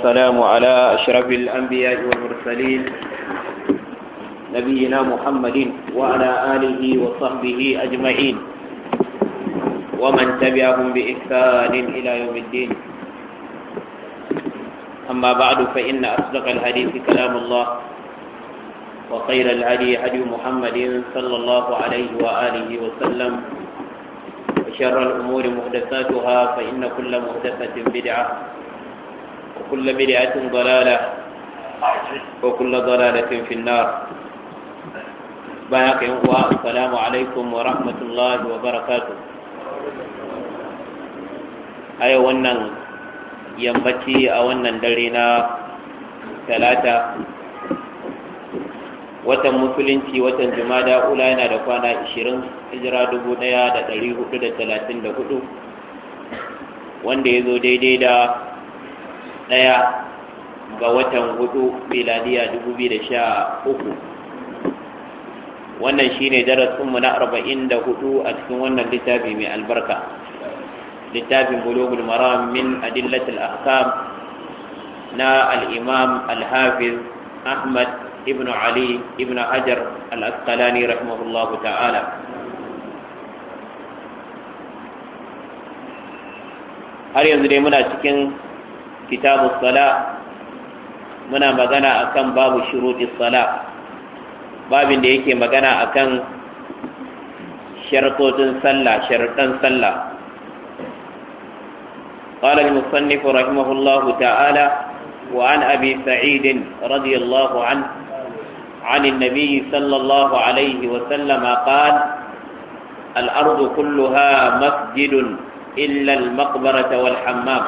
والسلام على أشرف الأنبياء والمرسلين نبينا محمد وعلى آله وصحبه أجمعين ومن تبعهم بإحسان إلى يوم الدين أما بعد فإن أصدق الحديث كلام الله وخير الهدي هدي محمد صلى الله عليه وآله وسلم وشر الأمور محدثاتها فإن كل محدثة بدعة وكل بدعة ضلالة وكل ضلالة في النار wa السلام عليكم ورحمة الله وبركاته أي ونن a أو ونن درينا ثلاثة watan musulunci watan jumada ula yana da kwana 20 hijira 1434 wanda ya zo daidai da ɗaya ga watan hudu miladiya dubu biyu da sha uku wannan shine darasinmu na arba'in da hudu a cikin wannan littafi mai albarka littafin bulogul maram min adillatul ahkam na al-imam ahmad ibn ali ibn hajar al-asqalani rahimahullahu ta'ala har yanzu dai muna cikin kitabu sala muna magana akan babu shuruɗi sala babin da yake magana akan shartocin sallah sharuɗan sallah قال المصنف رحمه الله تعالى وعن أبي سعيد رضي الله عنه عن النبي صلى الله عليه وسلم قال الأرض كلها مسجد إلا المقبرة والحمام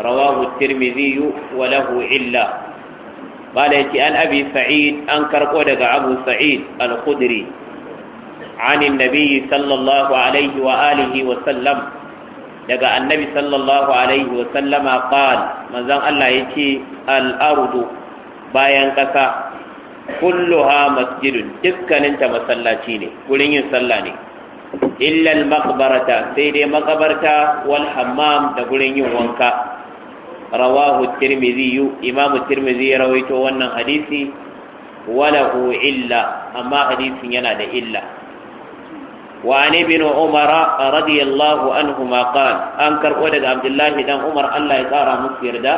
rawahu tirmidhi wa lahu illa bala yace an abi sa'id an karko daga abu sa'id al-khudri عن النبي صلى الله عليه وآله وسلم daga annabi sallallahu alaihi wa sallama qal manzon Allah yake al-ardu bayan ƙasa? kulluha masjidun dukkanin ta masallaci ne gurin yin sallah ne illa al sai dai maƙabarta. wal hammam da gurin yin wanka rawahu tirmidhi imamu tirmidhi ya rawaito wannan hadisi walahu illa amma hadisin yana da illa wa an ibn umar radiyallahu anhuma qala an karbo daga abdullahi dan umar Allah ya tsara musu yarda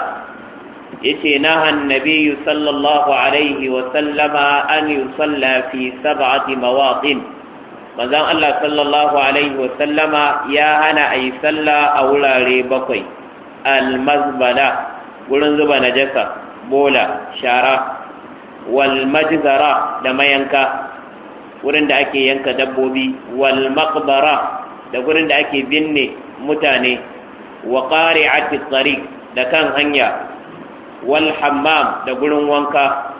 yace naha annabi sallallahu alaihi wa sallama an yusalla fi sab'ati mawaqin manzon Allah sallallahu alaihi wa sallama ya hana ayi sallah a wurare bakwai almazbala gurin zuba najasa bola shara walmajzara da mayanka wurin da ake yanka dabbobi walmaqbara da wurin da ake binne mutane wa qari'ati tsari da kan hanya walhammam da gurin wanka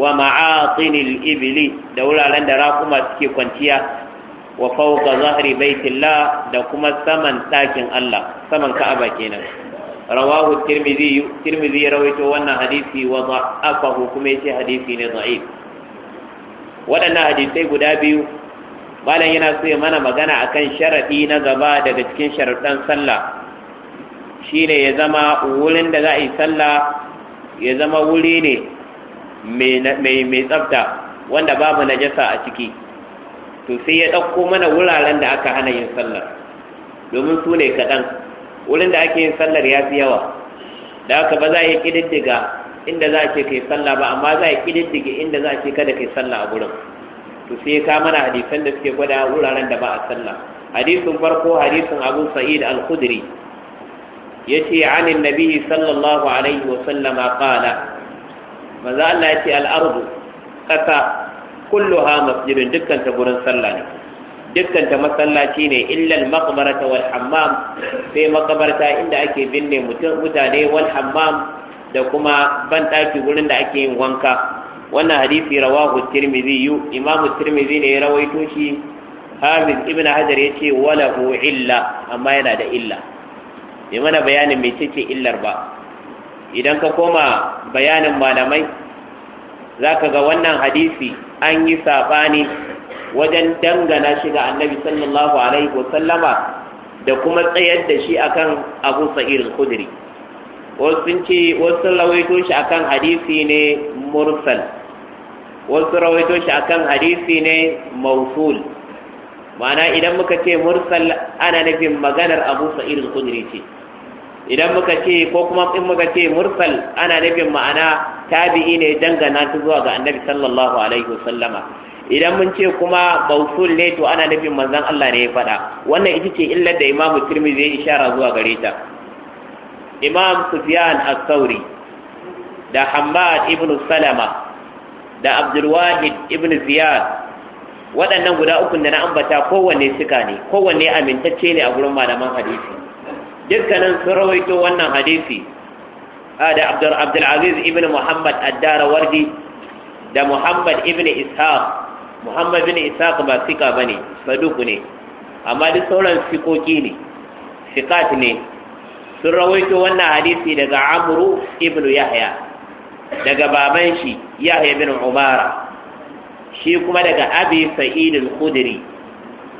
wa ma'atinil ibli da wuraren da raƙuma suke kwanciya wa fawqa zahri baitillah da kuma saman ɗakin Allah saman Ka'aba kenan rawahu tirmidhi ya rawaito wannan hadisi wa da'afahu kuma shi hadisi ne da'if waɗannan hadisai guda biyu malam yana so ya mana magana akan sharadi na gaba daga cikin sharadan sallah shine ya zama wurin da za a yi sallah ya zama wuri ne mai mai tsafta wanda babu najasa a ciki to sai ya ɗauko mana wuraren da aka hana yin sallah domin sune kaɗan wurin da ake yin sallar ya fi yawa da haka ba za a yi ƙididdiga inda za a ce kai sallah ba amma za a yi ƙididdiga inda za a ce kada kai sallah a wurin. to sai ka mana hadisan da suke gwada wuraren da ba a sallah hadisin farko hadisin abu sa'id al-khudri yace an annabi sallallahu alaihi wa sallama qala maza Allah yace al-ardu kasa kulluha masjidin dukkan ta gurin sallah ne Dukkanta masallaci ne illal maqbarata wal hammam sai makabarta inda ake binne mutane wal hammam da kuma banɗaki gurin da ake yin wanka wannan hadisi rawahu tirmidhi yu imam tirmidhi ne ya rawaito shi hafiz ibnu hajar ya ce hu illa amma yana da illa bai mana bayanin mai ce illar ba idan ka koma bayanin malamai zaka ga wannan hadisi an yi saɓani wajen dangana shi ga annabi sallallahu alaihi wasallama da kuma tsayar da shi akan abu sa'ir al-khudri wasu sun ce wasu rawaito shi akan hadisi ne mursal wasu rawaito shi akan hadisi ne mausul ma'ana idan muka ce mursal ana nufin maganar abu sa'ir al-khudri ce idan muka ce ko kuma in muka ce mursal ana nufin ma'ana tabi'i ne dangana ta zuwa ga annabi sallallahu alaihi wasallama idan mun ce kuma mausul ne to ana nufin manzon Allah ne ya faɗa wannan ita ce illar da imamu tirmidhi ya ishara zuwa gare ta imam sufyan as-sauri da hammad ibn salama da abdul wahid ibn ziyad waɗannan guda uku da na ambata kowanne suka ne kowanne amintacce ne a gurin malaman hadisi dukkanin sun rawaito wannan hadisi ah, da Abdulaziz ibn Muhammad addara wardi da Muhammad ibn Ishaq Muhammad ibn Ishaq ba sika bane saduku ne amma duk sauran sikoki ne sikat ne sun rawaito wannan hadisi daga Amru ibn Yahya daga baban shi Yahya ibn Umara shi kuma daga Abi Sa'id al-Khudri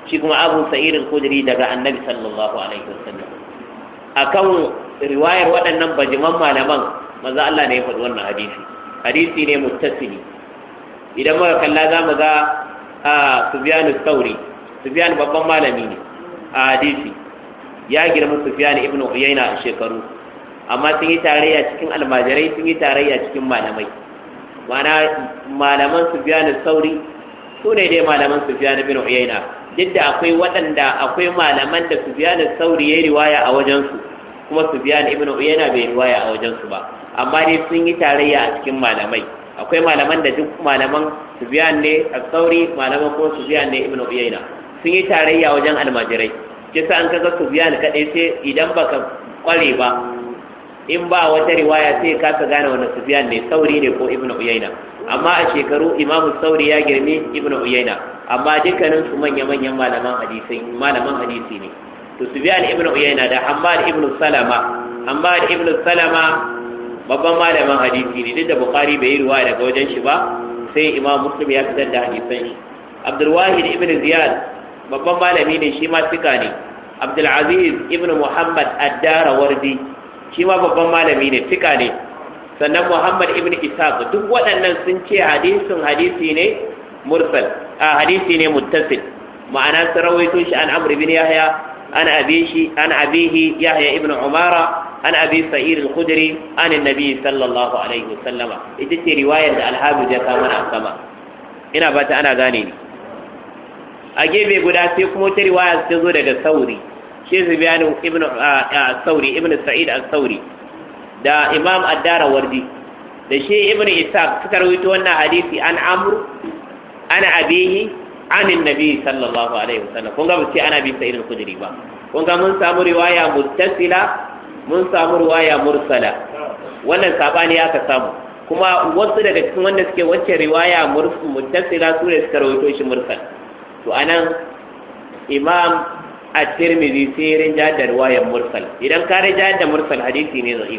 shi kuma Abu Sa'id al-Khudri daga Annabi sallallahu alaihi wasallam akan riwayar waɗannan bajiman malaman maza Allah ne ya faɗi wannan hadisi hadisi ne muttasili idan muka kalla za mu ga Sufyan al-Thawri Sufyan babban malami ne a hadisi ya girma Sufyan ibn Uyayna a shekaru amma sun yi tarayya cikin almajirai sun yi tarayya cikin malamai ma'ana malaman Sufyan al-Thawri su ne dai malaman na bin Uyayna duk da akwai waɗanda akwai malaman da Sufyan sauri ya riwaya a kuma su kuma Sufyan ibn Uyayna bai riwaya a wajensu ba amma dai sun yi tarayya a cikin malamai akwai malaman da duk malaman Sufyan ne sauri malaman ko Sufyan ne ibn Uyayna sun yi tarayya wajen almajirai kisa an kaga Sufyan kadai sai idan baka kware ba in ba wata riwaya sai ka ka gane wani Sufyan ne Sauri ne ko Ibn Uyayna amma a shekaru Imam Sauri ya girmi Ibn Uyayna amma dukkanin su manya manyan malaman hadisi malaman hadisi ne to Sufyan Ibn Uyayna da Hammad Ibn Salama Hammad Ibn Salama babban malaman hadisi ne duk da Bukhari bai yi riwaya daga wajen shi ba sai Imam Muslim ya fitar da hadisan shi Abdul Ibn Ziyad babban malami ne shi ma sika ne Abdulaziz, Ibn Muhammad Ad-Darawardi shi ma babban malami ne fika ne sannan Muhammad ibn Ishaq duk waɗannan sun ce hadisin hadisi ne mursal a hadisi ne muttasil ma'ana sun rawaito shi an Amr ibn Yahya an abishi an abihi Yahya ibn Umara an abi Sa'id al-Khudri an annabi sallallahu alaihi wasallama ita ce riwayar da al ya kama na sama ina ba ta ana gane ni a gefe guda sai kuma ta riwaya ta zo daga sauri shi Sufyan ibn Sauri uh, uh, ibn Sa'id al-Sauri da Imam Ad-Darawardi da shi Ibn Isa suka rawaito wannan hadisi an Amr an abihi an annabi sallallahu alaihi wa sallam. kun ga bace ana bi Sa'id al-Khudri ba kun ga mun samu riwaya muttasila mun samu riwaya mursala wannan ya aka samu kuma wasu daga cikin wanda suke wacce riwaya mursu muttasila su ne suka rawaito shi mursal to anan imam at-tirmidhi sai rinja da riwayar mursal idan ka rinja da mursal hadisi ne zai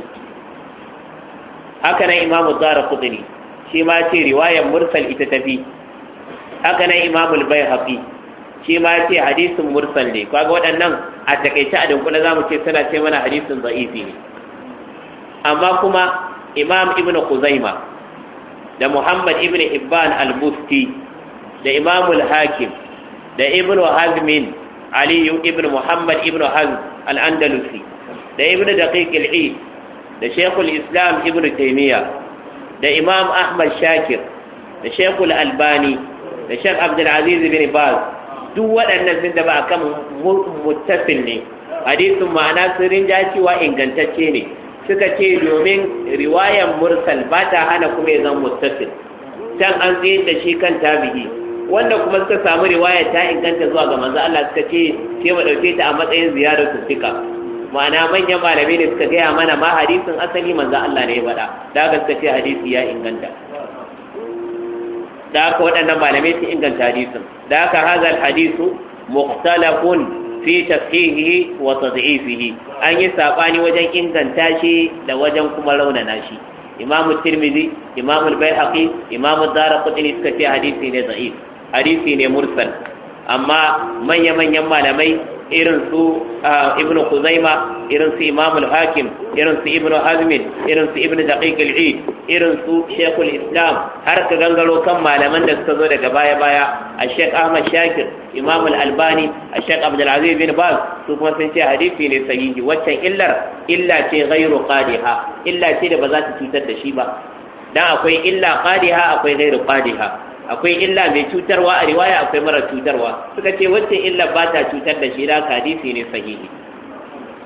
haka nan imamu zara kudini shi ma ce riwayar mursal ita tafi haka nan imamul bayhaqi shi ma ce hadisin mursal ne kaga waɗannan a takaice a dunkule zamu ce suna ce mana hadisin da'ifi ne amma kuma imam Ibn kuzaima da muhammad Ibn ibban al-busti da imamul hakim da Ibn hazmin aliyu ibn muhammad ibn Al-Haz al-andalusi da ibn daqiq al da shaykhul islam ibn taymiya da imam ahmad shakir da shaykhul albani da shaykh abdul aziz bin baz duk waɗannan sun daba akan mutafin ne hadisin ma'ana sun rinja cewa ingantacce ne suka ce domin riwayan mursal ba ta hana kuma ya zan muttasil can an tsaye da shi kan tabi'i wanda kuma suka samu riwaya ta inganta zuwa ga manzo Allah suka ce ke mu dauke ta a matsayin ziyarar tusika ma'ana manyan malamai ne suka gaya mana ma hadisin asali manzo Allah ne ya faɗa da ga suka ce hadisi ya inganta da haka waɗannan malamai sun inganta hadisin da haka hazal hadisu mukhtalafun fi tashihihi wa tad'ifihi an yi sabani wajen inganta shi da wajen kuma raunana shi imamu tirmidhi imamu al-baihaqi imamu darqutni suka ce hadisi ne da'if hadisi ne mursal amma manya-manyan malamai irin su ibnu kuzaima irin su hakim irin su ibnu hazmin irin su ibnu daqiq al irin su islam har ka gangaro kan malaman da suka zo daga baya-baya a shaykh ahmad shakir imamul albani a shaykh bin baz su kuma sun ce hadisi ne sahihi waccan illar illa ce gairu, qadiha illa ce da ba za ta cutar da shi ba dan akwai illa qadiha akwai gairu, qadiha akwai illa mai cutarwa a riwaya akwai mara cutarwa suka ce wacce illa ba ta cutar da shi da hadisi ne sahihi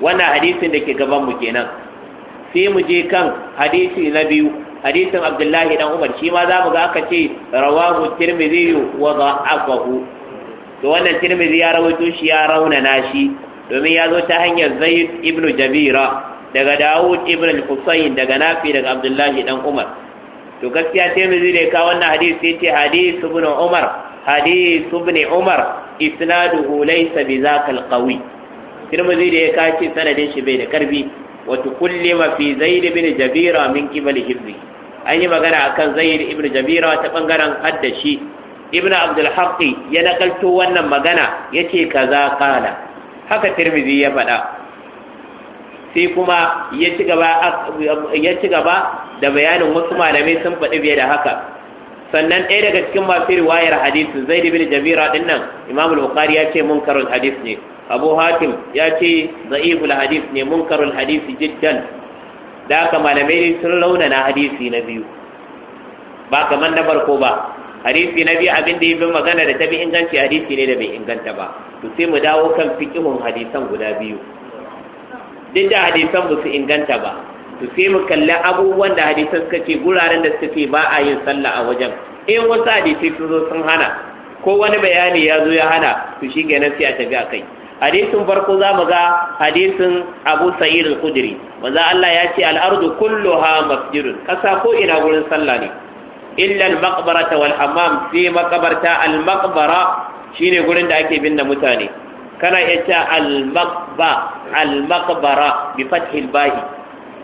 wannan hadisin da ke gaban mu kenan sai mu je kan hadisi na biyu hadisin Abdullahi dan Umar shi ma zamu ga aka ce rawahu Tirmidhi wa da'afahu to wannan Tirmidhi ya rawaito shi ya raunana shi domin ya zo ta hanyar Zaid ibn Jabira daga Dawud ibn al-Husayn daga Nafi daga Abdullahi dan Umar to gaskiya tirmidhi da ka wannan hadisi yace hadisi ibn umar hadisi ibn umar isnaduhu laysa bi zakal qawi tirmidhi da ka ce sanadin shi bai da karfi wa tukullima fi zaid ibn jabira min qibal hibbi an yi magana akan zaid ibn jabira ta bangaren haddashi ibn Abdulhafi, haqqi ya nakalto wannan magana yace kaza qala haka tirmidhi ya faɗa sai kuma ya ci gaba da bayanin wasu malamai sun faɗi biye da haka sannan ɗaya daga cikin masu riwayar hadisi zai bin jabira din nan imam bukhari ya ce munkarul hadis ne abu hatim ya ce za'ibul hadis ne munkarul hadisi jiddan da haka malamai ne sun launana hadisi na biyu ba kamar na farko ba hadisi na biyu abin da ya bi magana da ta bi inganci hadisi ne da bai inganta ba to sai mu dawo kan fikihun hadisan guda biyu duk da hadisan ba su inganta ba to sai mu kalli abubuwan da hadisan suka ce guraren da suka ba a yin sallah a wajen in wasu hadisai sun zo sun hana ko wani bayani ya zo ya hana to shi kenan sai a tafi a kai hadisin farko za mu ga hadisin abu sa'ir al-khudri Allah ya ce al-ardu kulluha masjidun kasa ko ina gurin sallah ne illa al-maqbarata wal hammam sai makabarta al-maqbara shine gurin da ake binne mutane kana iya cewa al-maqba al-maqbara bi fathil ba'i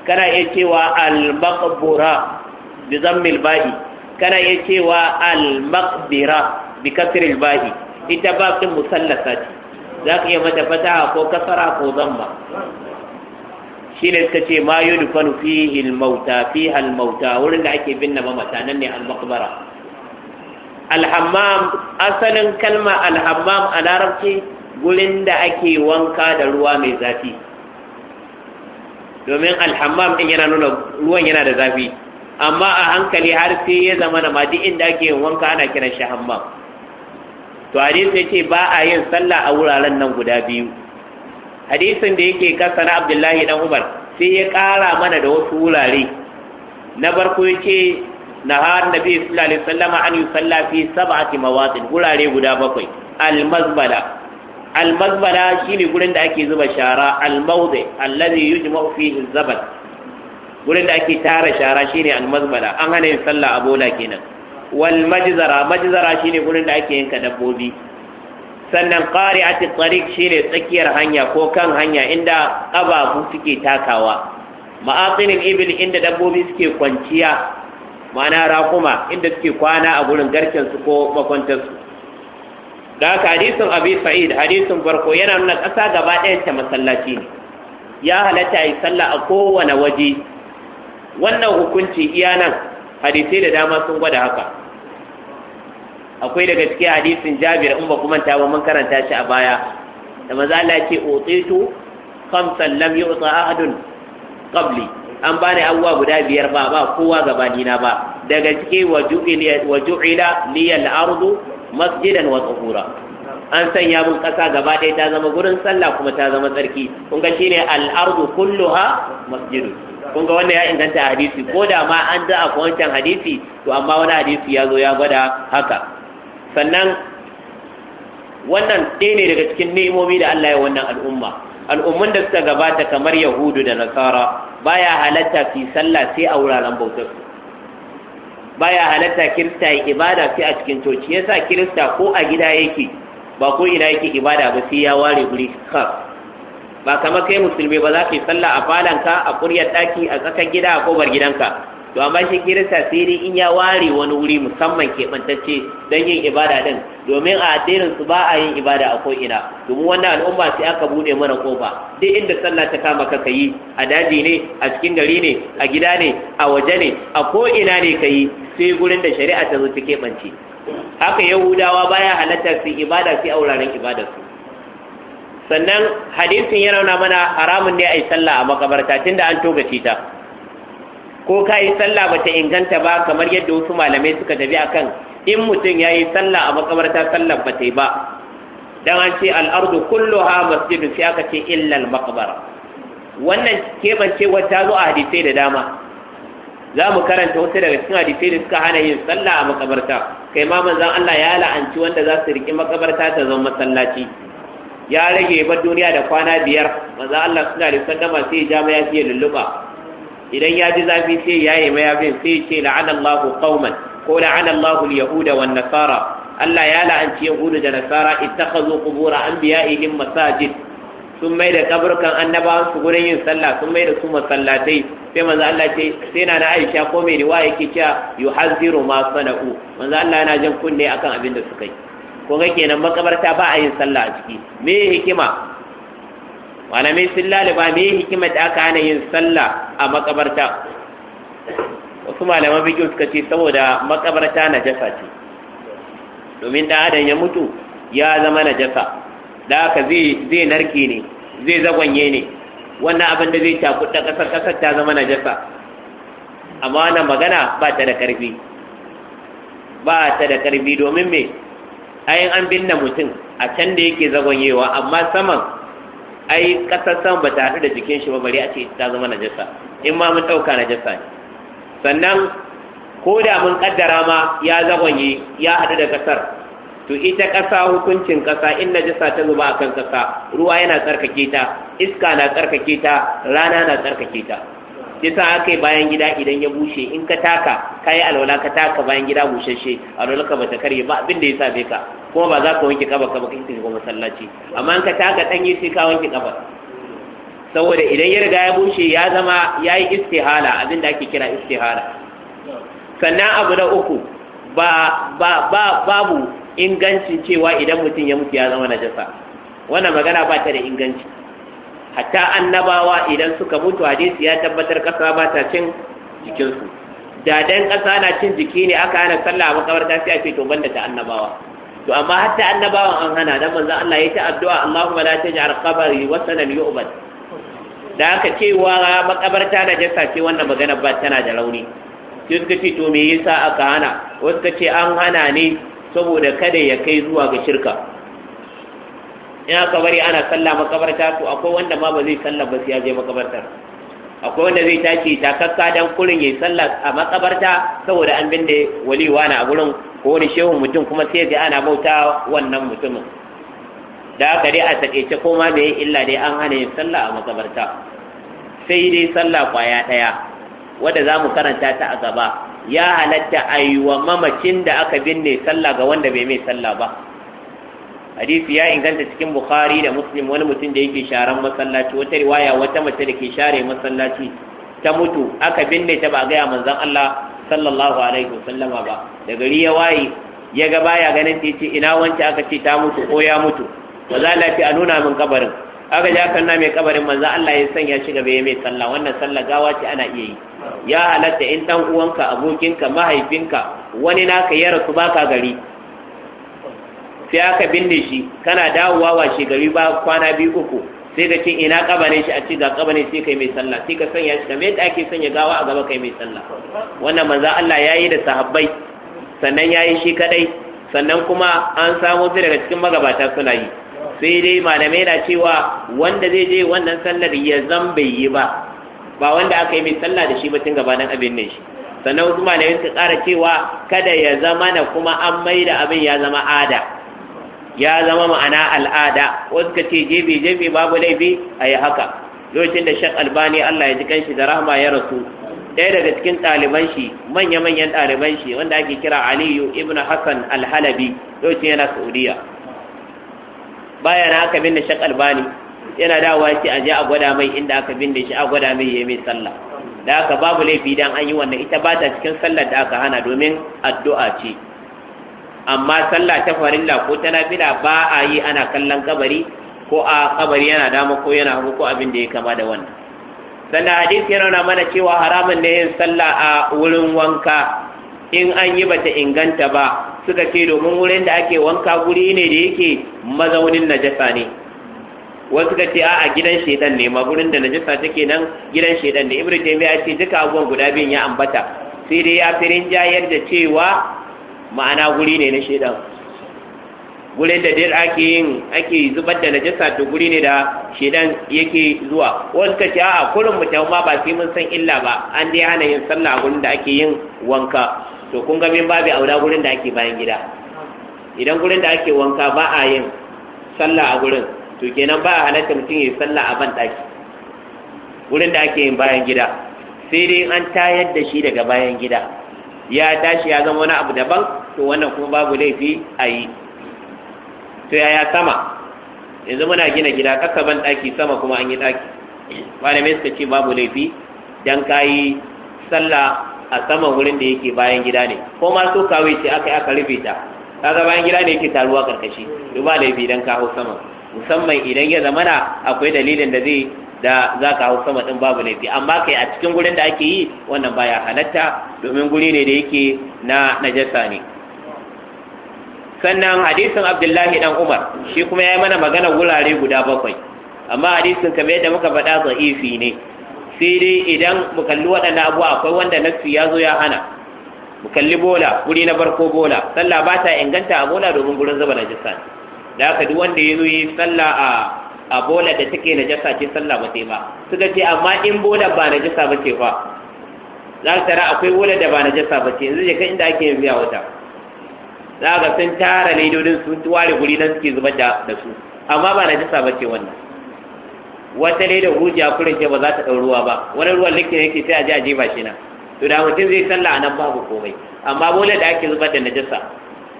kana iya cewa al-maqbura bi zammil ba'i kana iya cewa al-maqbira bi kasril ba'i ita ba kin musallasa ce za ka iya mata fataha ko kasara ko zamma shi ne suka ce ma yudfanu fihi al-mauta fiha wurin da ake binne mamata nan ne al-maqbara al-hammam asalin kalma al-hammam a larabci gurin da ake wanka da ruwa mai zafi domin alhammam ɗin yana nuna ruwan yana da zafi amma a hankali har sai ya zama na duk inda ake yin wanka ana kiran shi hammam to hadisi ce ba a yin sallah a wuraren nan guda biyu hadisin da yake kasa na abdullahi dan umar sai ya kara mana da wasu wurare na farko yake na har nabi sallallahu alaihi wasallama an yusalla fi sab'ati mawatin wurare guda bakwai al-mazbala almazbala shine gurin da ake zuba shara almawdi allazi yujma'u fihi zabal gurin da ake tara shara shine almazbala an hana yin sallah a bola kenan wal majzara majzara shine gurin da ake yanka dabbobi sannan Tsari tariq shine tsakiyar hanya ko kan hanya inda ƙababu suke takawa ma'aqinin ibil inda dabbobi suke kwanciya ma'ana raƙuma inda suke kwana a gurin garken su ko makwantar su da haka hadisin abi sa'id hadisin farko yana nuna ƙasa gaba ɗayan ta masallaci ne ya halatta yi sallah a kowane waje wannan hukunci iya nan hadisai da dama sun gwada haka akwai daga cikin hadisin jabir in ba kuma ta ba mun karanta shi a baya da maza Allah ce utitu yi lam a ahadun qabli an bani abubuwa guda biyar ba ba kowa gabanina ba daga cikin waju'ila liyal ardu masjidan wa tsuhura an sanya mun ƙasa gaba ɗaya ta zama gurin sallah kuma ta zama tsarki kun ga shine al kulluha masjidu, kun ga wannan ya inganta hadisi ko da ma an da a wancan hadisi to amma wani hadisi ya zo ya gwada haka sannan wannan ɗaya ne daga cikin ni'imomi da Allah ya wannan al'umma al'ummun da suka gabata kamar yahudu da nasara baya halatta fi sallah sai a wuraren bautar baya halatta kirista yi ibada sai a cikin coci yasa kirista ko a gida yake ba ko ina yake ibada ba sai ya ware wuri ka ba kamar kai musulmi ba za ka yi sallah a ka, a kuryar daki a tsakar gida a kobar gidanka to amma shi kirista sai dai in ya ware wani wuri musamman keɓantacce don yin ibada din domin a addinin su ba a yin ibada a ko'ina domin wannan al'umma sai aka bude mana kofa duk inda sallah ta kama ka kayi a daji ne a cikin gari ne a gida ne a waje ne a ko'ina ne kayi sai gurin da shari'a ta zo ta keɓance haka yahudawa baya halatta su ibada sai a wuraren su. sannan hadisin ya rauna mana haramun ne a yi sallah a makabarta tunda an toga ta ko ka yi sallah bata inganta ba kamar yadda wasu malamai suka tafi akan in mutum ya yi sallah a makabarta sallah ba ta ba dan an ce al'ardu kulluha masjidun sai aka ce illal maqbara wannan kebancewar ta zo a hadisai da dama za mu karanta wasu daga cikin hadisai da suka hana yin sallah a makabarta kai ma manzon Allah ya la'anci wanda za su riƙi makabarta ta zama masallaci ya rage ba duniya da kwana biyar manzon Allah suna da sallama sai ya ja mayafi ya lulluɓa idan ya ji zafi sai ya yi mayafin sai ya ce la'anallahu qauman ko la'ana Allahu al-yahuda wan nasara Allah ya la'anci yahudu da nasara ittakhadhu qubur anbiya'ihim masajid sun mai da kaburkan annabawan su gurin yin sallah sun mai da su masallatai sai manzo Allah ce sai na na Aisha ko mai riwaya yake cewa yuhazziru ma sana'u manzo Allah yana jan kunne akan abin da suka yi ko ga kenan makabarta ba a yin sallah a ciki me hikima malamai sun laliba me hikimar da aka hana yin sallah a makabarta wasu malaman fiqh suka ce saboda makabarta jasa ce domin da adam ya mutu ya zama na jasa. da aka zai narke ne zai zagwanye ne wannan abin da zai cakuɗa ƙasar ƙasar ta zama na jasa, amma wannan magana ba ta da ƙarfi ba ta da ƙarfi domin me ayin an binne mutum a can da yake zagwanyewa amma saman ai ƙasar sama ba ta haɗu da jikin shi ba bari a ce ta zama najasa in ma mun ɗauka najasa ne sannan ko da mun kaddara ma ya zagwanye ya haɗu da ƙasar to ita ƙasa hukuncin ƙasa in na jisa ta zuba akan ƙasa ruwa yana tsarkake ta iska na tsarkake ta rana na tsarkake ta yasa aka yi bayan gida idan ya bushe in ka taka ka yi alwala ka taka bayan gida bushashe alwala ka bata karye ba abin da ya sa ka kuma ba za ka wanke kaba ka ba yi ka masallaci amma in ka taka ɗanye sai ka wanke kaba saboda idan ya riga ya bushe ya zama ya yi istihala abin da ake kira istihala sannan abu na uku ba babu inganci cewa idan mutum ya mutu ya zama na jasa wannan magana ba ta da inganci hatta annabawa idan suka mutu hadisi ya tabbatar kasa ba ta cin jikinsu da dan kasa na cin jiki ne aka hana sallah a makabarta sai a ce to banda ta annabawa to amma hatta annabawan an hana dan manzo Allah yayi ta addu'a Allahumma la taj'al qabri wa sanan yu'bad da aka ce wa makabarta na jasa ce wannan magana ba tana da rauni sai suka ce to me yasa aka hana wasu suka ce an hana ne saboda kada ya kai zuwa ga shirka in aka bari ana sallah makabarta to akwai wanda ma ba zai sallah ba sai ya je makabartar akwai wanda zai tashi takakka dan kurin yayi sallah a makabarta saboda an binne waliwa na a gurin ko wani shehu mutum kuma sai ya ana bauta wannan mutumin da aka dai a taƙaice ko ma bai illa dai an hana yin sallah a makabarta sai dai sallah kwaya ɗaya wadda za mu karanta ta a gaba ya halatta a yi wa mamacin da aka binne sallah ga wanda bai mai sallah ba hadisi ya inganta cikin bukhari da muslim wani mutum da yake sharan masallaci wata riwaya wata mace da ke share masallaci ta mutu aka binne ta ba gaya manzon Allah sallallahu alaihi wasallama ba da gari ya waye ya ga baya ganin ta ce ina wance aka ce ta mutu ko ya mutu maza Allah a nuna min kabarin aka ja kanna mai kabarin manzo Allah ya sanya shi gaba ya mai sallah wannan sallah gawa ce ana iya yi ya halatta in dan uwanka abokinka mahaifinka wani naka ya rasu baka gari sai aka binne shi kana dawowa washe gari ba kwana biyu uku sai ka ce ina kabarin shi a ci ga kabarin sai kai mai sallah sai ka sanya shi kamar yadda ake sanya gawa a gaba kai mai sallah wannan manzo Allah ya yi da sahabbai sannan ya yi shi kadai sannan kuma an samu su daga cikin magabata suna yi sai dai malamai na cewa wanda zai je wannan sallar ya zan bai yi ba ba wanda aka yi mai sallah da shi ba tun gabanin abin ne shi sannan wasu malamai suka ƙara cewa kada ya zama na kuma an mai da abin ya zama ada ya zama ma'ana al'ada wasu ka ce jefe jefe babu laifi a yi haka lokacin da shek albani allah ya ji kanshi da rahama ya rasu ɗaya daga cikin ɗaliban shi manya-manyan ɗaliban shi wanda ake kira aliyu ibn hassan alhalabi lokacin yana saudiya baya na aka binne shakalbani, albani yana dawowa ce a je a gwada mai inda aka binne shi a gwada mai yayi mai sallah da aka babu laifi dan an yi wannan ita ba ta cikin sallar da aka hana domin addu'a ce amma sallah ta farilla ko ta nafila ba a yi ana kallon kabari ko a kabari yana dama ko yana hagu ko abin da ya kama da wannan sannan hadisi yana mana cewa haramun ne yin sallah a wurin wanka in an yi bata inganta ba suka ce domin wurin da ake wanka guri ne da yake mazaunin najasa ne wasu ka ce a gidan shedan ne ma gurin da najasa take nan gidan shedan ne ibnu taymiya ce duka abubuwan guda biyun ya ambata sai dai ya firin jayar da cewa ma'ana guri ne na shedan gurin da dai ake yin ake zubar da najasa to guri ne da shedan yake zuwa wasu ka ce a kurin mutum ma ba sai mun san illa ba an dai hana yin sallah a gurin da ake yin wanka to kun ga min babu aura gurin da ake bayan gida idan gurin da ake wanka ba a yin sallah a gurin to kenan ba a halatta mutum yi sallah a ban ɗaki gurin da ake yin bayan gida sai dai an tayar da shi daga bayan gida ya tashi ya zama wani abu daban to wannan kuma babu laifi a yi to yaya sama yanzu muna gina gida kasa ban ɗaki sama kuma an yi ɗaki malamai suka ce babu laifi dan ka yi sallah a saman wurin da yake bayan gida ne ko ma so kawai ce aka aka rufe ta kaga bayan gida ne yake taruwa karkashi to ba laifi idan ka hau sama musamman idan ya zamana akwai dalilin da zai da za ka hau sama din babu laifi amma kai a cikin gurin da ake yi wannan baya halatta domin guri ne da yake na najasa ne sannan hadisin abdullahi dan umar shi kuma ya yi mana magana wurare guda bakwai amma hadisin kamar yadda muka faɗa za'ifi ne sai dai idan mu kalli waɗannan abubuwa akwai wanda fi ya zo ya hana mu kalli bola wuri na barko bola sallah ba ta inganta a bola domin gurin zuba najasa ne da haka duk wanda ya zo yi sallah a a bola da take najasa ce sallah ba ta ba suka ce amma in bola ba najasa ba ce fa za ka tara akwai bola da ba najasa ba ce yanzu je kan inda ake yin biya wata za ka sun tara laidodin sun ware guri nan suke zubar da su amma ba najasa ba ce wannan wata ne da hujja kurin ba za ta ɗau ruwa ba wani ruwan likin yake sai a ji a jefa shi na to da mutum zai sallah a nan babu komai amma bole da ake zubar da najasa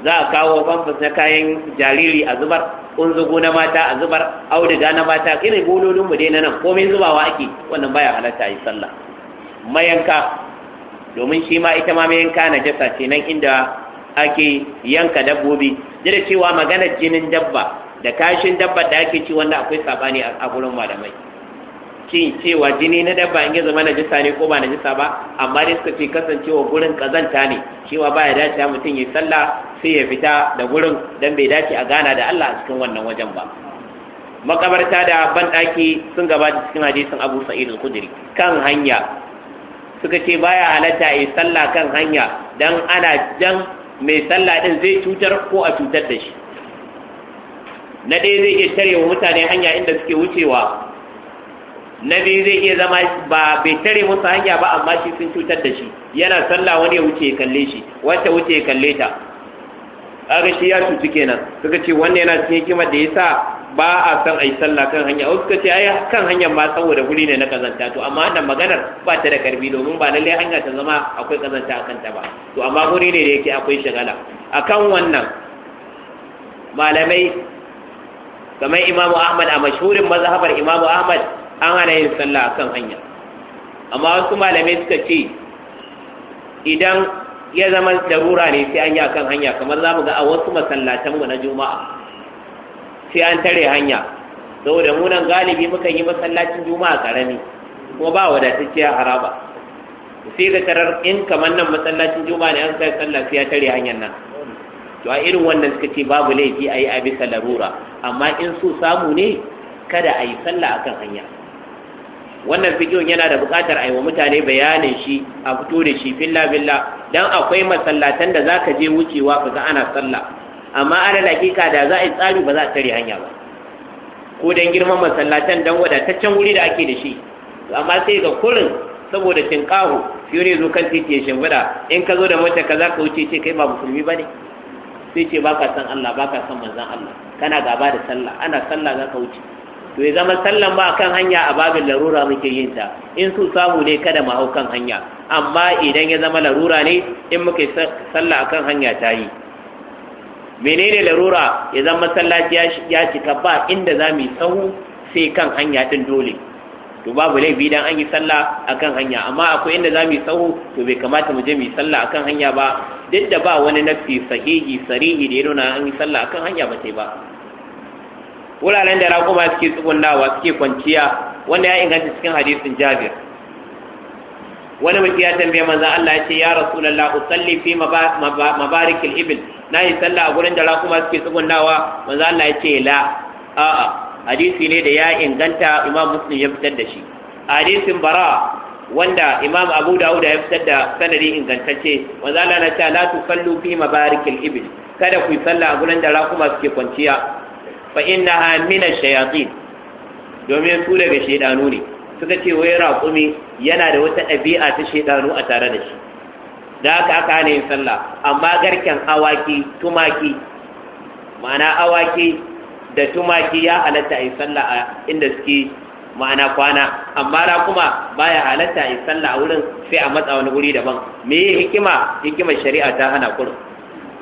za a kawo famfas na kayan jariri a zubar unzugu na mata a zubar auduga na mata irin bololinmu dai na nan komai zubawa ake wannan baya halatta a yi sallah mayanka domin shi ma ita ma mayanka najasa ce nan inda ake yanka dabbobi jira cewa maganar jinin dabba da kashin dabba da ake ci wanda akwai sabani a gurin malamai cin cewa jini na dabba in ya zama jisa ne ko ba na jisa ba amma dai suka ce kasancewa gurin kazanta ne cewa baya dace a mutum ya sallah sai ya fita da gurin dan bai dace a gana da Allah a cikin wannan wajen ba makabarta da banɗaki sun gabata cikin hadisin Abu Sa'id al-Khudri kan hanya suka ce baya halatta yi sallah kan hanya dan ana dan mai sallah din zai cutar ko a cutar da shi na ɗaya zai iya tare wa mutane hanya inda suke wucewa na biyu zai iya zama ba bai tare musu hanya ba amma shi sun cutar da shi yana sallah wani ya wuce ya kalle shi wata wuce ya kalle ta kaga shi ya cuci kenan suka ce wannan yana cikin hikimar da yasa ba a san ai sallah kan hanya wasu suka ce ai kan hanyar ma saboda guri ne na kazanta to amma wannan maganar ba ta da karbi domin ba lallai hanya ta zama akwai kazanta a kanta ba to amma guri ne da yake akwai shagala akan wannan malamai kamar Imam ahmad a mashhurin mazhabar Imam ahmad an hana yin sallah a kan hanya amma wasu malamai suka ce idan ya zama darura ne sai an yi kan hanya kamar za mu ga a wasu masallatanmu na juma'a sai an tare hanya saboda munan galibi muka yi masallacin juma'a karami kuma ba wadatacciyar haraba sai ka tarar in kamar nan masallacin juma'a ne an kai sallah sai ya tare hanyar nan to a irin wannan suka ce babu laifi a yi a bisa larura amma in so samu ne kada a yi sallah akan hanya wannan fikiyon yana da buƙatar a yi wa mutane bayanin shi a fito da shi filla filla don akwai masallatan da za ka je wucewa za ana sallah amma ana hakika da za a yi tsari ba za a tare hanya ba ko don girman masallatan don wadataccen wuri da ake da shi amma sai ga kurin saboda tinkahu fiye ne zo kan titi ya shimfiɗa in ka zo da mota ka za ka wuce ce kai ba musulmi ba ne sai ce ba ka san Allah ba ka san manzan Allah kana gaba da sallah ana sallah za ka wuce to ya zama sallan ba kan hanya a babin larura muke yin ta in su samu ne kada mu hau kan hanya amma idan ya zama larura ne in muke sallah akan hanya ta yi menene larura ya zama masallaci ya cika ba inda za mu yi sahu sai kan hanya din dole to babu laifi dan an yi sallah akan hanya amma akwai inda za mu yi sahu to bai kamata mu je mu yi sallah akan hanya ba duk da ba wani nafi sahihi sarihi da ya nuna an yi sallah akan hanya ba sai ba wuraren da raƙuma suke tsugunawa suke kwanciya wanda ya inganta cikin hadisin jabir wani mutum ya tambaye manzon Allah ya ce ya rasulullah usalli fi mabarikil ibil na yi sallah a gurin da raƙuma suke tsugunawa manzon Allah ya ce la a'a hadisi ne da ya inganta imam muslim ya fitar da shi hadisin bara wanda imam abu dawud ya fitar da sanadi ingantacce manzo Allah na ta la tusallu fi mabarikil ibil kada ku yi sallah gurin da rakuma suke kwanciya fa innaha min ash domin su daga shaidanu ne suka ce wai raƙumi yana da wata ɗabi'a ta shaidanu a tare da shi da haka aka hana yin sallah amma garken awaki tumaki ma'ana awaki da tumaki ya halatta a yi sallah a inda suke ma'ana kwana amma kuma baya halatta a sallah a wurin sai a matsa wani wuri daban me hikima hikima shari'a ta hana kurin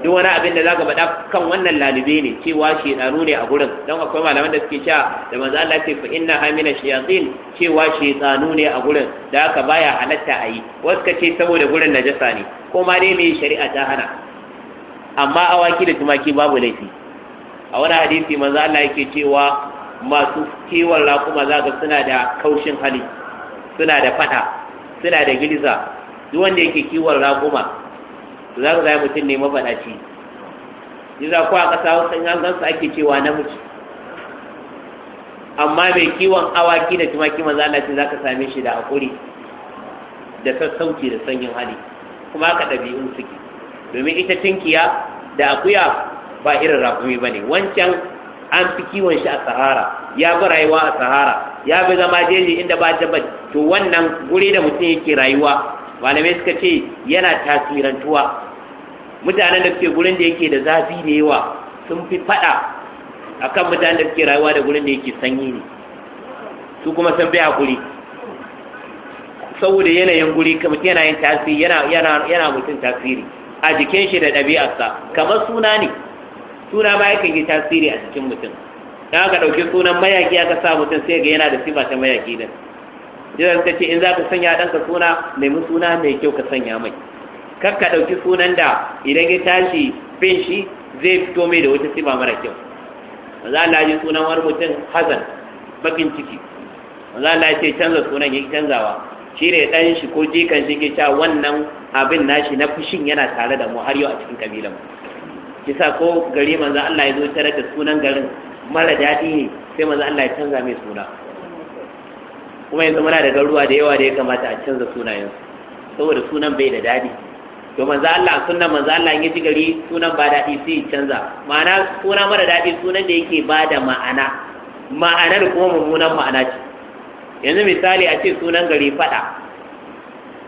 duk wani abin da zaka faɗa kan wannan lalube ne cewa shedanu ne a gurin don akwai malaman da suke cewa da manzo Allah ce fa inna hamina shayatin cewa shedanu ne a gurin da haka baya halatta ayi wasu ka ce saboda gurin najasa ne ko ma dai me shari'a ta hana amma awaki da tumaki babu laifi a wani hadisi manzo Allah yake cewa masu kiwon raƙuma za ga suna da kaushin hali suna da fada suna da giliza duk wanda yake kiwon raƙuma to za ka zai mutum ne mafaɗaci gilza ko a ƙasa wasu yan gansu ake cewa namiji amma mai kiwon awaki da tumaki manzo Allah ce za ka same shi da haƙuri da sassauci da sanyin hali kuma ka ɗabi'un suke domin ita tinkiya da akuya ba irin raƙumi ba ne wancan an fi kiwon shi a sahara ya bi rayuwa a sahara ya bi zama jeji inda ba dabba to wannan guri da mutum yake rayuwa malamai suka ce yana tasirantuwa mutanen da suke gurin da yake da zafi da yawa sun fi faɗa akan mutanen da suke rayuwa da gurin da yake sanyi ne su kuma sun fi hakuri saboda yanayin guri kamar yana tasiri yana mutum tasiri a jikin shi da ɗabi'arsa kamar suna ne suna ba yakan yi tasiri a cikin mutum dan aka ɗauki sunan mayaki aka sa mutum sai ga yana da sifa ta mayaki din jiran ta ce in za ka sanya ɗanka suna nemi suna mai kyau ka sanya mai kar ka ɗauki sunan da idan ya tashi fin shi zai fito mai da wata sifa mara kyau za a laji sunan wani mutum hazan bakin ciki za a laji canza sunan ya canzawa shi ne ɗan shi ko jikan shi ke cewa wannan abin nashi na fushin yana tare da mu har yau a cikin kabilan mu bisa ko gari manzo Allah ya zo tare da sunan garin mara daɗi ne sai manzo Allah ya canza mai suna kuma yanzu muna da garuwa da yawa da ya kamata a canza sunayen saboda sunan bai da daɗi to manzo Allah sunan manzo Allah ya ji gari sunan ba daɗi sai canza ma'ana suna mara daɗi sunan da yake ba da ma'ana ma'anar kuma mummunan ma'ana ce yanzu misali a ce sunan gari fada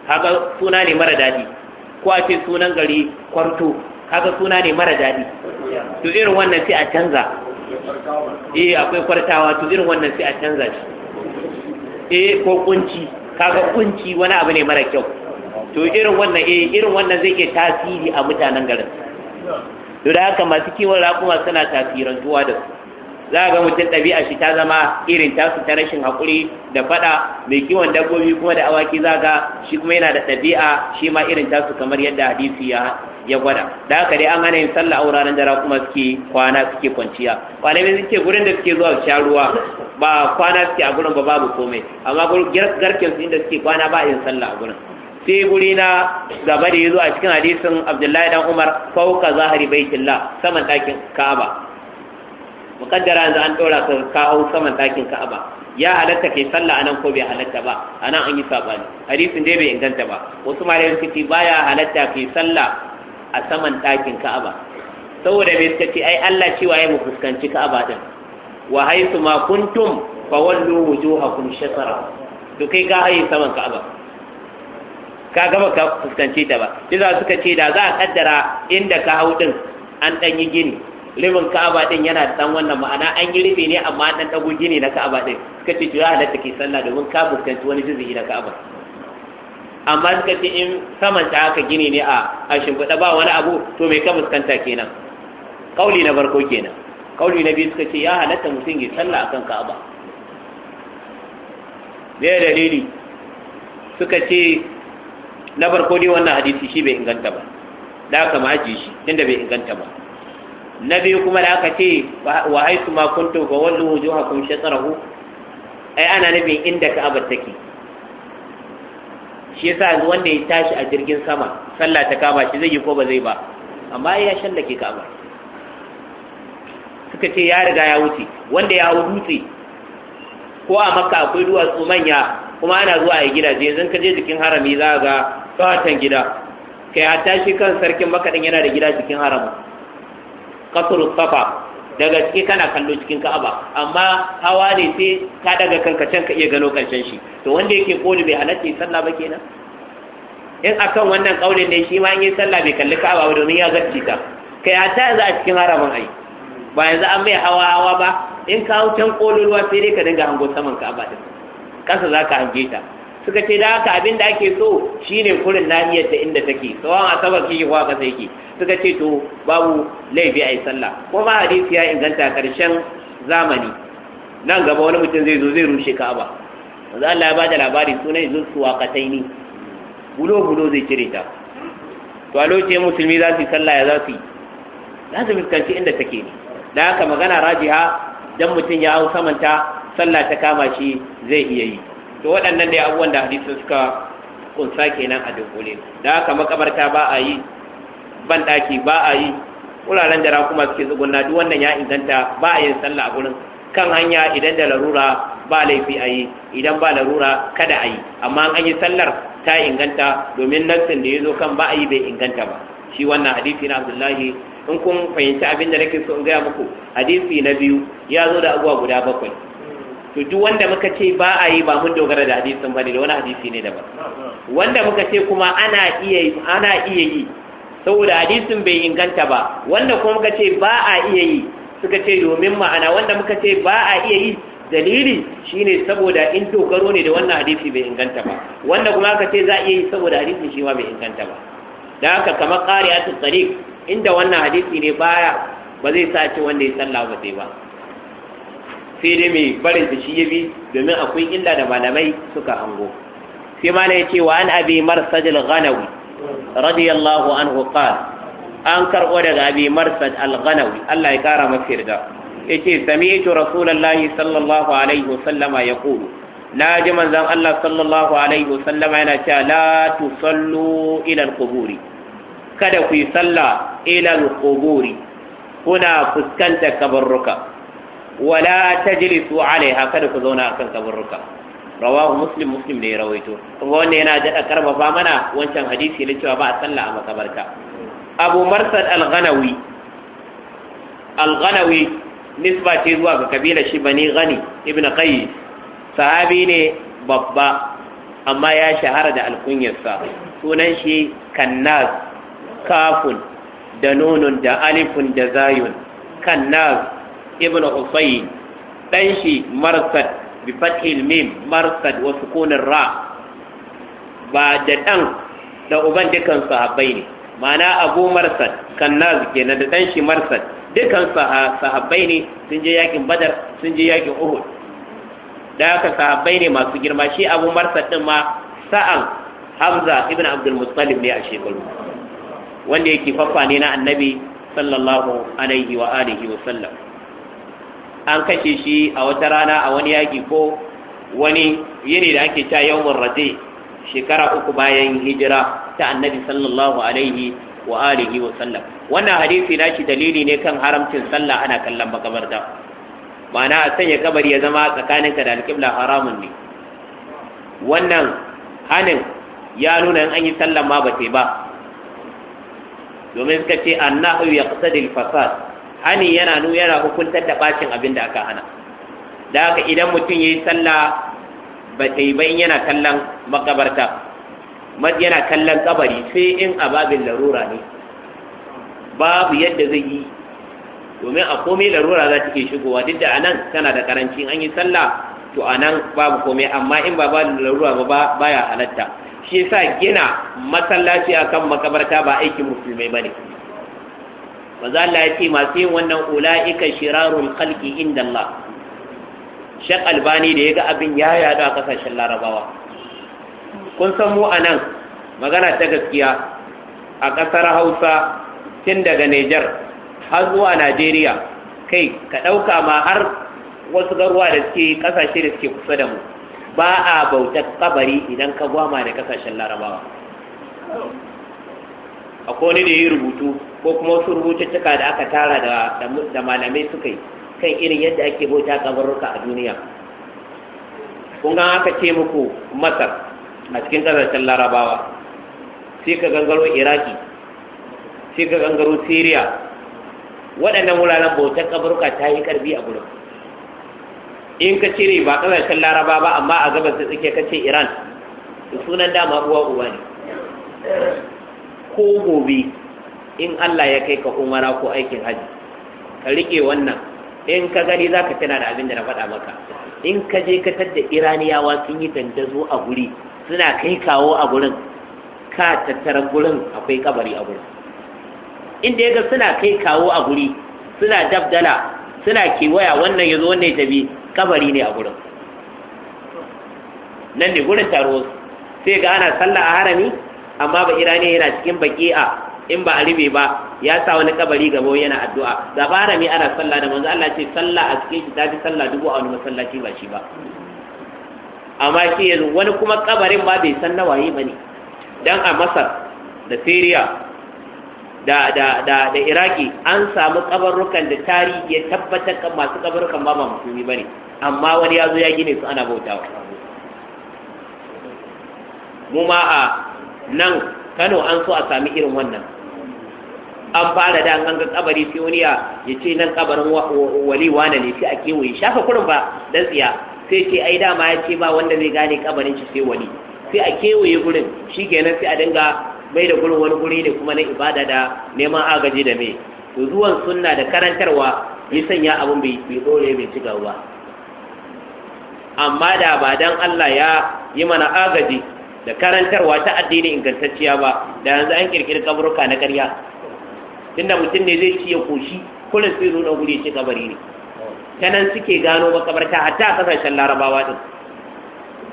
haka suna ne mara daɗi ko a ce sunan gari kwarto kaga suna ne mara daɗi to irin wannan sai a canza eh akwai kwartawa to irin wannan sai a canza shi eh ko kunci kaga kunci wani abu ne mara kyau to irin wannan eh irin wannan zai iya tasiri a mutanen garin to da haka masu kiwon raƙuma suna tasirantuwa da su za ga mutum ɗabi'a shi ta zama irin tasu ta rashin haƙuri da faɗa mai kiwon dabbobi kuma da awaki za ga shi kuma yana da ɗabi'a shi ma irin tasu kamar yadda hadisi ya ya gwada da haka dai an hana yin sallah a wuraren da kuma suke kwana suke kwanciya malamai suke gurin da suke zuwa sha ruwa ba kwana suke a gurin ba babu komai amma garken su inda suke kwana ba yin sallah a gurin sai guri na gaba da ya zo a cikin hadisin abdullahi dan umar fauka zahari baitullah saman ɗakin ka'aba mukaddara yanzu an ɗora ka kawo saman ɗakin ka'aba ya halatta kai sallah anan ko bai halatta ba anan an yi sabani hadisin dai bai inganta ba wasu malayan suke baya halatta kai sallah a saman ɗakin ka'aba saboda me suka ce ai Allah cewa ya mu fuskanci ka'aba din wa haythu ma kuntum fa wallu wujuhakum shatara to kai ka haye saman ka'aba ka gaba ka fuskanci ta ba yasa suka ce da za a kaddara inda ka hau ɗin an dan yi gini rufin ka'aba ɗin yana da ɗan wannan ma'ana an yi rufe ne amma an dan dago gini na ka'aba din suka ce to ya halatta ke sallah domin ka fuskanci wani juzu'i na ka'aba amma suka ce in samanta haka gini ne a a shimfiɗa ba wani abu to mai ka fuskanta kenan kauli na farko kenan kauli na biyu suka ce ya halatta mutum ya sallah akan ka'aba me ya dalili suka ce na farko ne wannan hadisi shi bai inganta ba da aka ma shi tunda bai inganta ba na biyu kuma da aka ce wa haisu ma kuntum fa wallu wujuhakum shatrahu ai ana nufin inda ka'abar take shi yasa yanzu wanda ya tashi a jirgin sama sallah ta kama shi zai yi ko ba zai ba amma ya shallake kama suka ce ya riga ya wuce wanda ya dutse ko a makka akwai duwatsu manya kuma ana zuwa a gidaje zai ka je jikin harami za ga tsawatan gida kai a tashi kan sarkin makaɗin yana da gida jikin haramin kasuru safa daga gaske kana kallo cikin ka'aba amma hawa ne sai ka daga kanka can ka iya gano karshen shi to wanda yake koli bai halatta sallah ba kenan in akan wannan kaulin ne shi ma in yi sallah bai kalli ka'aba ba domin ya zarci ta kai ta za a cikin haramin ai ba yanzu an mai hawa hawa ba in ka hau can ruwa sai dai ka dinga hango saman ka'aba din kasa za ka hange ta suka ce da haka abin da ake so shine kurin nahiyar da inda take tsawon asabar kike kwa kasa yake suka ce to babu laifi a yi sallah kuma hadisi ya inganta karshen zamani nan gaba wani mutum zai zo zai rushe ka'aba manzo Allah ya ba da labari sunan zo wakatai ne bulo bulo zai cire ta to a lokacin musulmi za su yi sallah ya za su yi za su fuskanci inda take ne da haka magana rajiha dan mutum ya hau samanta sallah ta kama shi zai iya yi to waɗannan dai abubuwan da hadisi suka kunsa kenan a dunkule da haka makabarta ba a yi ban ɗaki ba a yi wuraren da rakuma suke tsugunna duk wannan ya inganta ba a yin sallah a gurin kan hanya idan da larura ba laifi a yi idan ba larura kada a yi amma an yi sallar ta inganta domin nassin da ya zo kan ba a yi bai inganta ba shi wannan hadisi na abdullahi in kun fahimci abin da nake so in gaya muku hadisi na biyu ya zo da abubuwa guda bakwai to duk wanda muka ce ba a yi ba mun dogara da hadisin ne da wani hadisi ne daban wanda muka ce kuma ana iya ana iya yi saboda hadisin bai inganta ba wanda kuma muka ce ba a iya yi suka ce domin ma'ana wanda muka ce ba a iya yi dalili shine saboda in dogaro ne da wannan hadisi bai inganta ba wanda kuma aka ce za a iya yi saboda hadisin shi ma bai inganta ba da haka kamar qari'atul tariq inda wannan hadisi ne baya ba zai sace wanda ya sallah ba sai ba sai dai mai barin da shi ya bi domin akwai illa da malamai suka hango sai ma ya ce wa an abi marsad al-ghanawi radiyallahu anhu qala an karɓo daga abi marsad al-ghanawi Allah ya kara masa yarda yace sami'tu rasulullahi sallallahu alaihi wasallama yaqulu na ji manzon Allah sallallahu alaihi wasallama yana cewa la tusallu ila al-quburi kada ku yi sallah ila al-quburi kuna fuskantar kabarruka wala ta tajlisu alaiha kada ku zauna akan kaburruka rawahu muslim muslim ne ya rawaito kuma wanda yana daɗa karfafa mana wancan hadisi na cewa ba a sallah a makabarta abu marsad al-ghanawi al-ghanawi nisba ce zuwa ga kabila shi bani gani. ibn qayyi sahabi ne babba amma ya shahara da alkunyarsa sunan shi kannaz kafun da nunun da alifun da zayun kannaz ibn Ufayi, dan shi Marsad bi fathil mim Marsad wa sukunin ra ba da dan da uban dukan sahabbai ne ma'ana Abu Marsad kan ke kenan da dan shi Marsad dukan sahabbai ne sun je yakin Badar sun je yakin Uhud da haka sahabbai ne masu girma shi Abu Marsad din ma sa'an Hamza ibn Abdul Muttalib ne a shekaru wanda yake faffa ne na Annabi sallallahu alaihi wa alihi wa sallam an kashe shi a wata rana a wani yaƙi ko wani yini da ake ta yawon raje shekara uku bayan hijira ta annabi sallallahu alaihi wa alihi wa sallam wannan hadisi na shi dalili ne kan haramcin sallah ana kallon makabarta ma'ana a sanya kabari ya zama tsakaninka da alƙibla haramun ne wannan hanin ya nuna an yi sallah ma ba ba domin suka ce annahu yaqtadi fasad hani yana nu yana hukuntar da bacin abin da aka hana da haka idan mutum yayi sallah ba ta ba in yana kallon makabarta yana kallon kabari sai in ababin larura ne babu yadda zai yi domin a komai larura za ta ke shigowa duk da anan tana da karanci an yi sallah to anan babu komai amma in ba ba larura ba baya halatta shi yasa gina masallaci akan makabarta ba aikin musulmai bane ne maza Allah ya ce masu yin wannan ula'ika shirarun kalki inda Allah Shek Albani da ya ga abin ya yadu a kasashen Larabawa kun san mu a nan magana ta gaskiya a ƙasar Hausa tun daga Nijar har zuwa Najeriya kai ka ɗauka ma har wasu garuwa da suke ƙasashe da suke kusa da mu ba a bautar kabari idan ka gwama da kasashen Larabawa akwai wani da ya rubutu ko kuma wasu rubututtuka da aka tara da malamai suka yi kan irin yadda ake bauta kabarurka a duniya kun ga aka ce muku masar a cikin ƙasashen larabawa sai ka gangaro iraki sai ka gangaro syria waɗannan wuraren bautar kabarurka ta yi karbi a gudun in ka cire ba ƙasashen laraba ba amma a gabas da tsakiya ka ce iran sunan dama uwa uwa ne ko gobe in Allah ya kai ka umara ko aikin hajji ka riƙe wannan in ka gani za ka tana da abin da na faɗa maka in ka je ka tadda iraniyawa sun yi dandazo a guri suna kai kawo a gurin ka tattara gurin akwai kabari a gurin inda ya ga suna kai kawo a guri suna dabdala suna kewaya wannan ya zo wannan ya tafi kabari ne a gurin nan ne gurin taro sai ga ana sallah a harami amma ba irani yana cikin a in ba a ribe ba ya sa wani kabari gaba yana addu'a ga harami ana sallah da manzo Allah ce sallah a cikin shi tafi sallah dubu a wani masallaci ba shi ba amma shi yanzu wani kuma kabarin ba bai san nawaye ne? dan a Masar da Syria da da da da Iraki an samu kabarrukan da tarihi ya tabbatar kan masu kabarrukan ba ba musulmi bane amma wani ya zo ya gine su ana bautawa mu ma a nan Kano an so a sami irin wannan an fara da an ga kabari sai wani ya ce nan kabarin wali wane ne sai a kewaye shafa kurin ba dan tsiya sai ce ai dama ya ce ba wanda zai gane kabarin shi sai wali sai a kewaye gurin shikenan sai a dinga mai da gurin wani guri ne kuma na ibada da neman agaji da me to zuwan sunna da karantarwa ya sanya abin bai dore bai ci gaba amma da ba dan Allah ya yi mana agaji da karantarwa ta addini ingantacciya ba da yanzu an kirkiri kaburuka na ƙarya tunda mutum ne zai ci ya koshi kullum sai nuna guri ya ce kabari ne ta nan suke gano makabarta hatta a kasashen larabawa din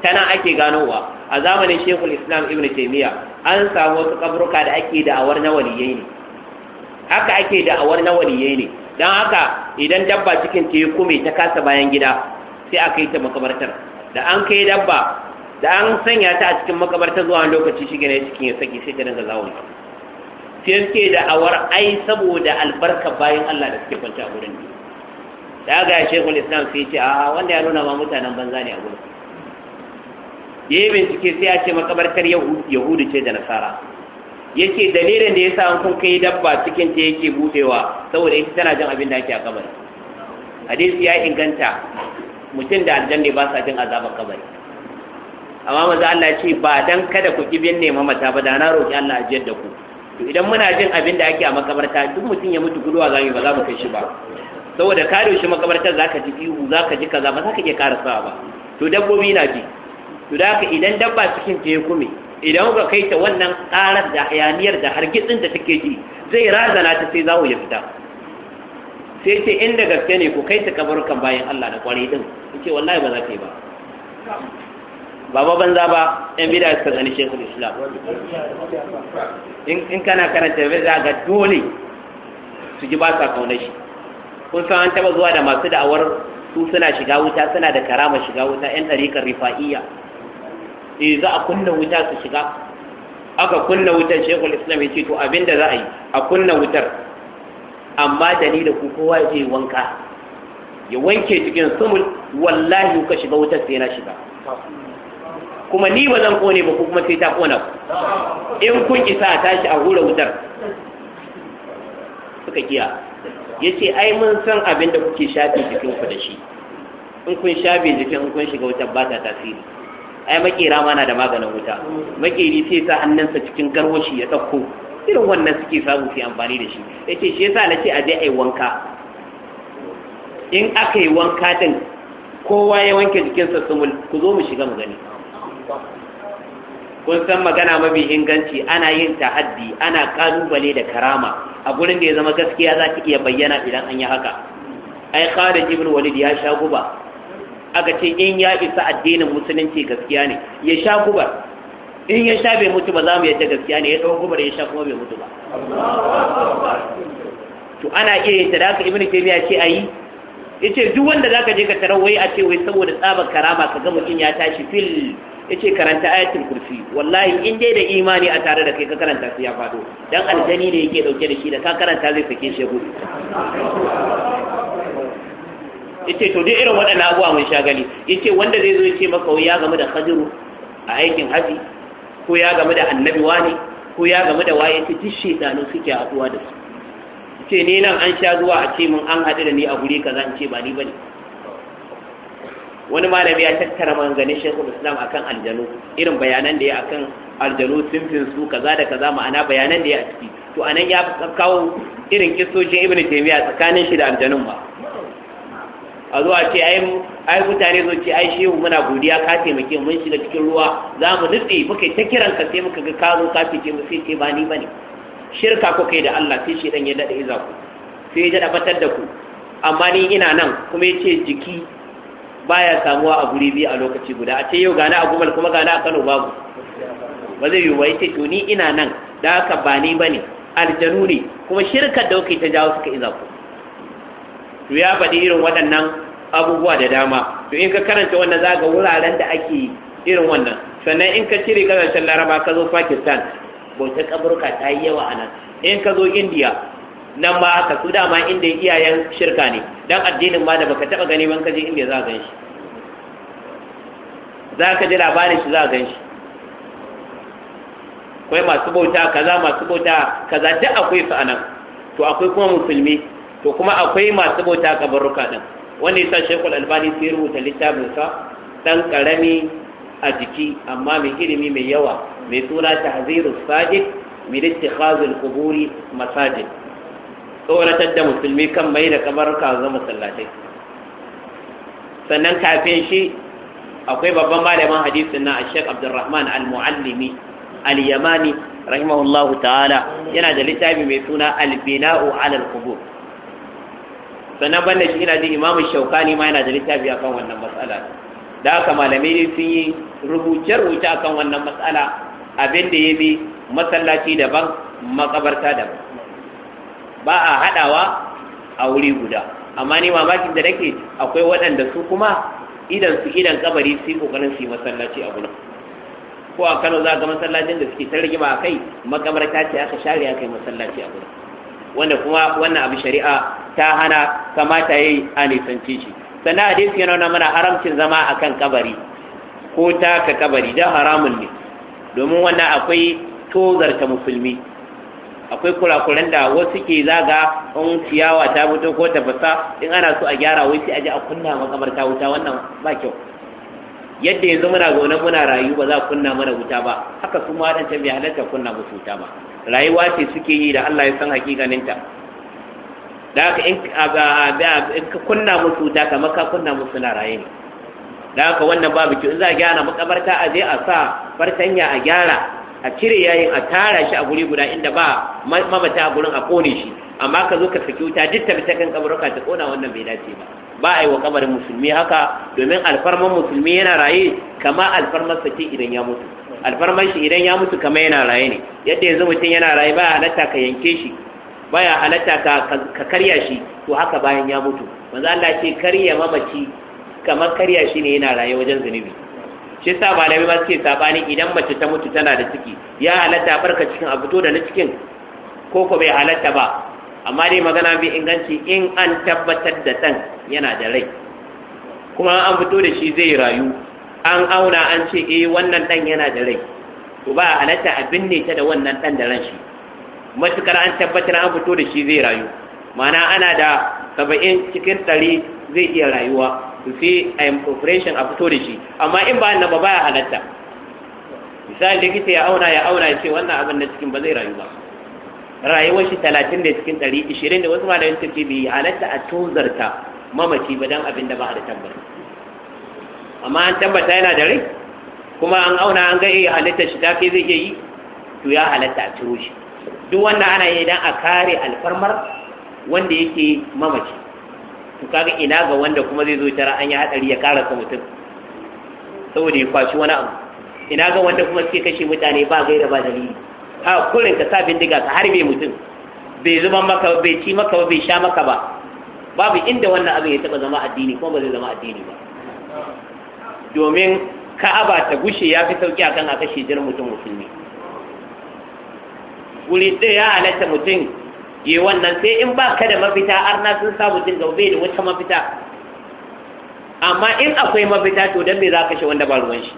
ta nan ake ganowa a zamanin shekul islam ibn taimiyya an samu wasu kaburuka da ake da'awar na waliyai ne haka ake da'awar na waliyai ne don haka idan dabba cikin teku mai ta kasa bayan gida sai aka yi ta makabartar da an kai dabba da an sanya ta a cikin makabarta zuwa lokaci shi gane cikin ya saki sai ta dinga zawon sai suke da awar ai saboda albarka bayan Allah da suke kwanta a gurin ne da ga shekul islam sai ce a wanda ya nuna ma mutanen banza ne a gurin ya yi bincike sai a ce makabartar yahudu ce da nasara ya ce dalilin da ya sa kun kai dabba cikin ta yake budewa saboda ita tana jin abin da ake a kabari hadisi ya inganta mutum da aljanna ba sa jin azabar kabari amma maza Allah ya ce ba dan kada ku ki binne mata ba da na roƙi Allah jiyar da ku to idan muna jin abin da ake a makabarta duk mutum ya mutu guduwa zamu ba za mu kai shi ba saboda ka shi makabarta za ka ji ihu za ka ji kaza ba za ka iya karasawa ba to dabbobi na ji to da haka idan dabba cikin ta ya kume idan ka kai ta wannan karar da hayaniyar da hargitsin da take ji zai razana ta sai za ya fita sai ce inda gaske ne ku kai ta kabarukan bayan Allah da kwarai din ce wallahi ba za ka yi ba Baba banza ba yan bida su tsani shekul islam in kana karanta bai za ga dole su ji ba sa kauna shi kun san an taba zuwa da masu da'awar su suna shiga wuta suna da karama shiga wuta yan ɗariƙar rifa'iyya eh za a kunna wuta su shiga aka kunna wutar shekul islam ya ce to abin da za a yi a kunna wutar amma da ku kowa ya je wanka ya wanke cikin sumul wallahi ka shiga wutar sai na shiga kuma ni ba zan kone ba ko kuma sai ta kona ku in kun isa a tashi a hura wutar suka kiya ya ce ai mun san abin da kuke shafe jikinku da shi in kun shafe jikin in kun shiga wutar ba ta tasiri ai makera ma na da maganin wuta makeri sai sa hannunsa cikin garwashi ya ɗauko irin wannan suke samu su amfani da shi ya ce shi ya sa na ce a je a yi wanka in aka yi wanka din kowa ya wanke jikinsa sumul ku zo mu shiga mu gani kun san magana mafi inganci ana yin tahaddi ana kalubale da karama a gurin da ya zama gaskiya za ta iya bayyana idan an yi haka ai khalid ibn walid ya sha guba aka ce in ya isa addinin musulunci gaskiya ne ya sha gubar in ya sha bai mutu ba za mu yadda gaskiya ne ya ɗau gubar ya sha kuma bai mutu ba to ana iya yin ta da haka ibn taymiya ce ayi yace duk wanda zaka je ka tarawai a ce wai saboda tsabar karama ka ga mutun ya tashi fil yace karanta ayatul kursi wallahi in dai da imani a tare da kai ka karanta su ya fado dan aljani ne yake dauke da shi da ka karanta zai sake shi gudu yace to dai irin waɗannan abuwa mun sha gani yace wanda zai zo yace maka ya gamu da hajiru a aikin haji ko ya gamu da annabi wani ko ya gamu da waye ta duk shedanu suke haɗuwa da su yace ni nan an sha zuwa a ce mun an haɗu da ni a guri kaza in ce ba ni bane wani malami ya tattara manganin shekul islam akan aljanu irin bayanan da ya akan aljanu simfin su kaza da kaza ma'ana bayanan da ya a ciki to anan ya kawo irin kisocin ibn taymiya tsakanin shi da aljanun ba a zuwa ce ai mutane zo ce ai shehu muna godiya ka taimake mun shiga cikin ruwa za mu nutse muka ta kiran ka sai muka ga ka zo ka fice mu sai ce ba ni bane shirka ku kai da Allah sai shi dan ya dade iza ku sai ya dada batar da ku amma ni ina nan kuma yace jiki baya samuwa a guri biyu a lokaci guda a ce yau gana a gumal kuma gana a kano babu ba zai yiwuwa ba to ni ina nan da haka ba ni ne, aljanu ne kuma shirkar da kuke ta jawo suka iza ku to ya faɗi irin waɗannan abubuwa da dama to in ka karanta wannan za ga wuraren da ake irin wannan sannan in ka cire kasashen laraba ka zo pakistan bauta kaburka ta yi yawa a nan in ka zo india nan ma haka su dama inda iyayen shirka ne dan addinin ma da baka taba gani ban kaje inda za a gan shi za ka ji labarin shi za a gan shi akwai masu bauta kaza masu bauta kaza duk akwai su anan to akwai kuma musulmi to kuma akwai masu bauta kabarruka din wanda yasa Sheikhul Albani sai rubuta littafin sa dan karami a jiki amma mai ilimi mai yawa mai suna tahzirus sajid min ittikhazil quburi masajid tsoratar da musulmi kan mai da ka zuwa masallatai sannan kafin shi akwai babban malamin hadisin na Sheikh Abdulrahman Al-Muallimi Al-Yamani rahimahullahu ta'ala yana da littafi mai suna Al-Bina'u 'ala al-Qubur sannan banda shi ina jin Imam Shawkani ma yana da littafi akan wannan matsala da haka malamai sun yi rubuce rubuce akan wannan matsala abin da ya bi masallaci daban makabarta daban ba a haɗawa a wuri guda amma ni mamakin da nake akwai waɗanda su kuma idan su idan kabari su yi kokarin su yi masallaci a gurin ko a Kano za ga masallacin da suke ta rigima a kai ta ce aka share aka yi masallaci a gurin wanda kuma wannan abu shari'a ta hana kamata yayi a nisanci shi sannan hadisi yana nuna mana haramcin zama akan kabari ko taka kabari don haramun ne domin wannan akwai tozarta musulmi akwai kurakuran da wasu ke zaga in ciyawa ta fito ko ta fasa in ana so a gyara wai sai a je a kunna ta wuta wannan ba kyau yadda yanzu muna gona muna rayu ba za a kunna mana wuta ba haka su ma wadancan bai halatta kunna musu wuta ba rayuwa ce suke yi da Allah ya san ta da haka in ka kunna musu wuta kamar ka kunna musu na raye ne da haka wannan babu kyau in za a gyara makabarta a je a sa fartanya a gyara a cire yayin a tara shi a guri guda inda ba mamata a gurin a kone shi amma ka zo ka saki wuta duk ta kan kabaruka ta kona wannan bai dace ba ba a yi wa kabarin musulmi haka domin alfarman musulmi yana raye kama alfarman sake idan ya mutu alfarman shi idan ya mutu kama yana raye ne yadda yanzu mutum yana raye baya halatta ka yanke shi ba ya halatta ka karya shi to haka bayan ya mutu manzo Allah ce karya mamaci kamar karya shi ne yana raye wajen zunubi shi yasa da ba suke sabani idan mace ta mutu tana da ciki ya halatta barka cikin a fito da na cikin ko ko bai halatta ba amma dai magana bi inganci in an tabbatar da ɗan yana da rai kuma an fito da shi zai rayu an auna an ce eh wannan ɗan yana da rai to ba a halatta a binne ta da wannan ɗan da ran shi matukar an tabbatar an fito da shi zai rayu ma'ana ana da saba'in cikin ɗari zai iya rayuwa to sai a yin operation a fito da shi amma in ba na ba baya halatta misali likita ya auna ya auna ya ce wannan abin na cikin ba zai rayu ba rayuwar shi talatin da cikin dari ishirin da wasu malamin suka ce bai halatta a tozarta mamaci ba don abin da ba a da tabbata amma an tabbata yana da rai kuma an auna an ga eh halittar shi ta kai zai iya yi to ya halatta a ciro shi duk wannan ana yi idan a kare alfarmar wanda yake mamaci to kaga ina ga wanda kuma zai zo tara an yi hadari ya karasa mutum saboda ya kwaci wani abu ina ga wanda kuma suke kashe mutane ba gaira ba dalili ha kurin ka sa bindiga ka harbe mutum bai zuba maka ba, bai ci maka ba bai sha maka ba babu inda wannan abin ya taba zama addini kuma ba zai zama addini ba domin ka'aba ta gushe ya fi sauki akan a kashe jirin mutum musulmi wuri ɗaya ya halatta mutum yi eh, wannan sai in ba ka da mafita arna sun samu jin gaube da wata mafita amma in akwai mafita to dan me za ka kashe wanda ba ruwan shi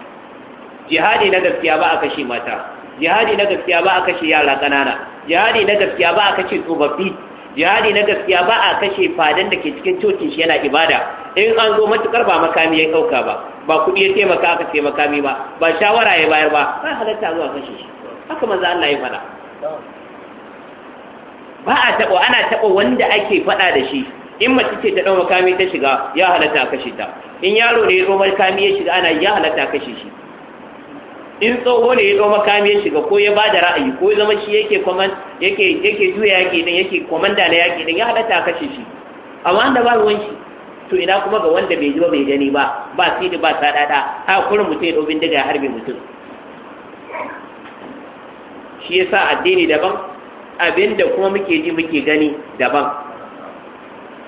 jihadi na gaskiya ba a kashe mata jihadi na gaskiya ba a kashe yara ƙanana jihadi na gaskiya ba a kashe tsofaffi jihadi na gaskiya ba a kashe fadan da ke cikin cocin shi yana ibada in an zo matukar ba makami ya kauka ba ba kuɗi ya taimaka aka taimaka makami ba ba shawara ya bayar ba ba halatta zuwa kashe shi haka maza Allah ya fara ba a taɓa ana taɓa wanda ake faɗa da shi in mace ce ta ɗau makami ta shiga ya halatta kashe ta in yaro ne ya ɗau makami ya shiga ana ya halatta kashe shi in tsoho ne ya ɗau makami ya shiga ko ya ba da ra'ayi ko zama shi yake kwaman yake yake juya yaƙi ɗin yake kwamanda na yaƙi ɗin ya halatta kashe shi amma wanda ba ruwan shi to ina kuma ga wanda bai ji ba bai gani ba ba sidi ba sadada a kurin mutum ya ɗau bindiga ya harbe mutum shi yasa addini daban abin da kuma muke ji muke gani daban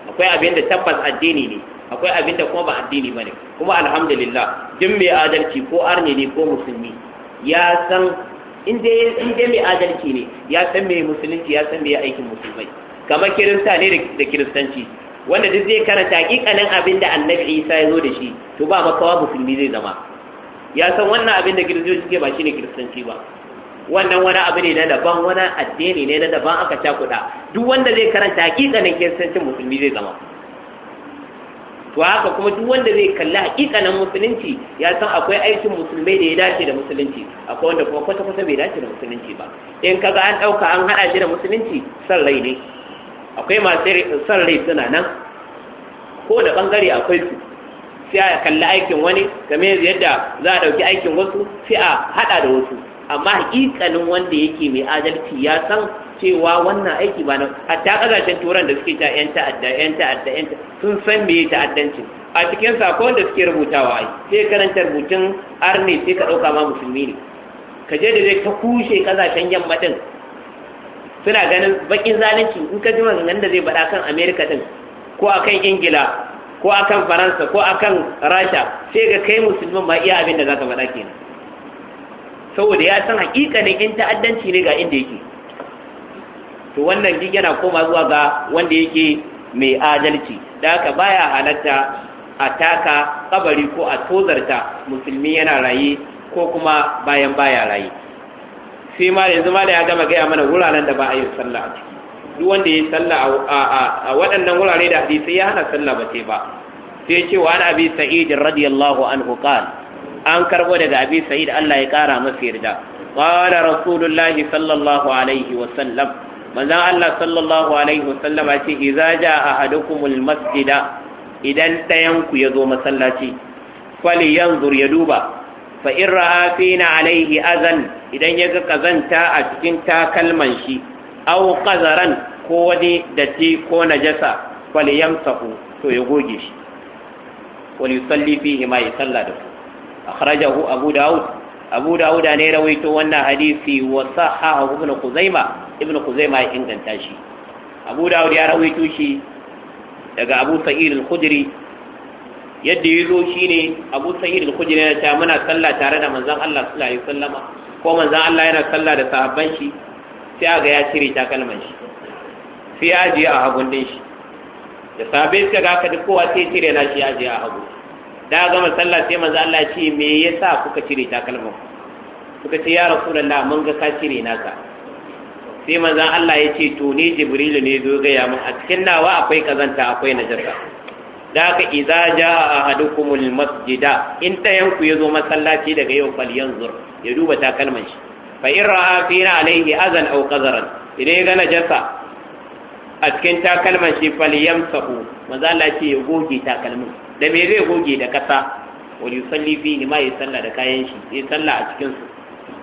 akwai abin da tabbas addini ne akwai abin da kuma ba addini ba ne kuma alhamdulillah duk mai adalci ko arne ne ko musulmi ya san in dai mai adalci ne ya san mai musulunci ya san mai aikin musulmai kamar kirista ne da kiristanci wanda duk zai karanta hakikanin abin da annabi isa ya zo da shi to ba makawa musulmi zai zama ya san wannan abin da kiristanci ke ba shine kiristanci ba wannan wani abu ne na daban wani addini ne na daban aka kuɗa duk wanda zai karanta hakikanin cin musulmi zai zama to haka kuma duk wanda zai kalli hakikanin musulunci ya san akwai aikin musulmai da ya dace da musulunci akwai wanda kuma kwata kwata bai dace da musulunci ba in ka ga an ɗauka an haɗa shi da musulunci san rai ne akwai masu san rai suna nan ko da ɓangare akwai su sai a kalli aikin wani game da yadda za a ɗauki aikin wasu sai a haɗa da wasu amma hakikalin wanda yake mai adalci ya san cewa wannan aiki ba na hatta kasashen turan da suke ta yan ta'adda yan ta'adda sun san me ta'addanci a cikin sakon da suke rubutawa ai sai karanta rubutun arne sai ka dauka ma musulmi ne ka je da zai ta kushe kasashen yamma din suna ganin bakin zalunci in ka ji maganganun da zai bada kan america din ko akan ingila ko akan faransa ko akan rasha sai ga kai musulman ma iya abin da zaka faɗa kenan saboda ya san hakikanin in ta'addanci ne ga inda yake to wannan duk yana koma zuwa ga wanda yake mai adalci da haka baya halatta a taka kabari ko a tozarta musulmi yana raye ko kuma bayan baya raye sai ma yanzu ma da ya gama gaya mana wuraren da ba a yi sallah a ciki duk wanda ya sallah a waɗannan wurare da hadisi ya hana sallah ba ce ba sai ce wa an abi sa'id radiyallahu anhu qala an karbo daga abi sa'id Allah ya kara masa yarda qala rasulullahi sallallahu alaihi wa sallam manzon Allah sallallahu alaihi wa sallama ce idza jaa ahadukumul masjida idan ɗayan ya zo masallaci fali yanzur ya duba fa in ra'a fina alaihi azan idan ya ga kazanta a cikin takalman shi aw qazaran ko wani datti ko najasa fali yamsahu to ya goge shi wal yusalli fihi ma yusalla da ku akhrajahu abu daud abu daud ne rawaito wannan hadisi wa sahahu ibn kuzaima ibn kuzaima ya inganta shi abu daud ya rawaito shi daga abu sa'id al-khudri yadda yazo shine abu sa'id al-khudri ya ta muna sallah tare da manzon Allah sallallahu alaihi wasallama ko manzon Allah yana sallah da sahabban shi sai aga ya cire takalman shi sai ya ajiye a hagun din shi da sahabbai suka ga ka kowa sai cire na shi ya ajiye a hagun da gama sallah sai manzo Allah ce me yasa kuka cire takalmin Kuka ce ya rasulullah mun ga ka cire naka sai manzo Allah ya ce to ne jibrilu ne zo ga ya mun a cikin nawa akwai kazanta akwai najasa da ka idza jaa ahadukumul masjida in tayan ku yazo masallaci daga yau fal yanzur ya duba takalman shi fa in ra'a fina alayhi azan aw qazaran idan ya ga najasa a cikin takalman shi fal yamsahu manzo Allah ce ya goge takalmin da me zai goge da kasa wani yusalli fi ni ma ya salla da kayan shi ya salla a cikin su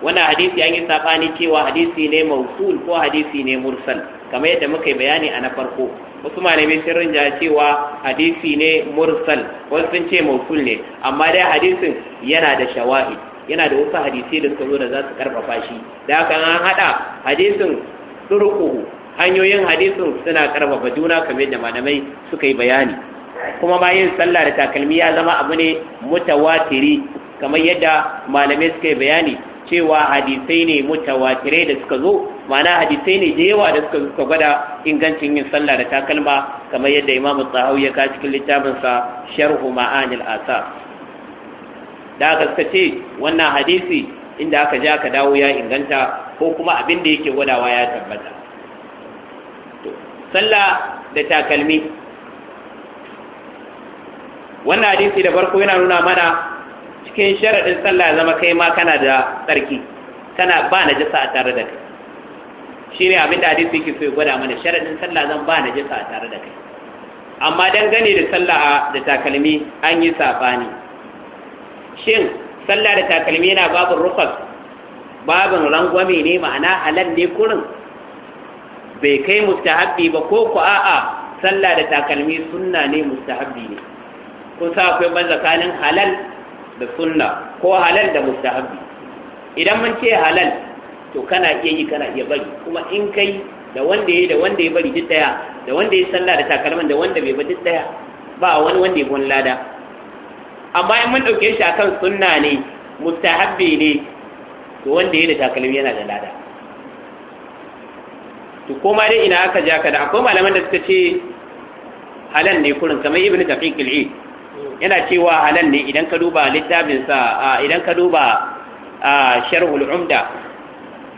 wannan hadisi an yi sabani cewa hadisi ne mausul ko hadisi ne mursal kamar yadda muka yi bayani a na farko wasu malamai sun rinja cewa hadisi ne mursal wasu sun ce mausul ne amma dai hadisin yana da shawahi yana da wasu hadisi da suka da za su karfafa shi da haka an haɗa hadisin turkuhu hanyoyin hadisin suna karfafa juna kamar yadda malamai suka yi bayani kuma ma yin sallah da takalmi ya zama abu ne mutawatiri kamar yadda malamai suka yi bayani cewa hadisai ne mutawatirai da suka zo mana hadisai ne da yawa da suka suka gwada ingancin yin sallah da takalma kamar yadda imamu tsahau ya kashi cikin littafinsa sharhu ma'anil asa da aka suka ce wannan hadisi inda aka ja ka dawo ya inganta ko kuma abin da yake gwadawa ya tabbata sallah da takalmi wannan hadisi da farko yana nuna mana cikin sharaɗin sallah zama kai ma kana da tsarki kana ba na jisa a tare da kai shi ne abin da hadisi ke so ya gwada mana sharaɗin sallah zan ba na jisa a tare da kai amma dangane da sallah da takalmi an yi saɓani shin sallah da takalmi yana babin rufas babin rangwame ne ma'ana halal ne kurin bai kai mustahabbi ba ko ku a'a sallah da takalmi sunna ne mustahabbi ne kun sa akwai ban tsakanin halal da sunna ko halal da mustahabbi idan mun ce halal to kana iya yi kana iya bari kuma in kai da wanda ya da wanda ya bari duk daya da wanda ya sallah da takalman da wanda bai ba duk daya ba wani wanda ya wani lada amma in mun dauke shi akan sunna ne mustahabbi ne to wanda ya da takalmi yana da lada to koma dai ina aka ja ka da akwai malaman da suka ce halal ne kurin kamar ibnu taqiq al-eid yana cewa halal ne idan ka duba littafin sa idan ka duba sharhul umda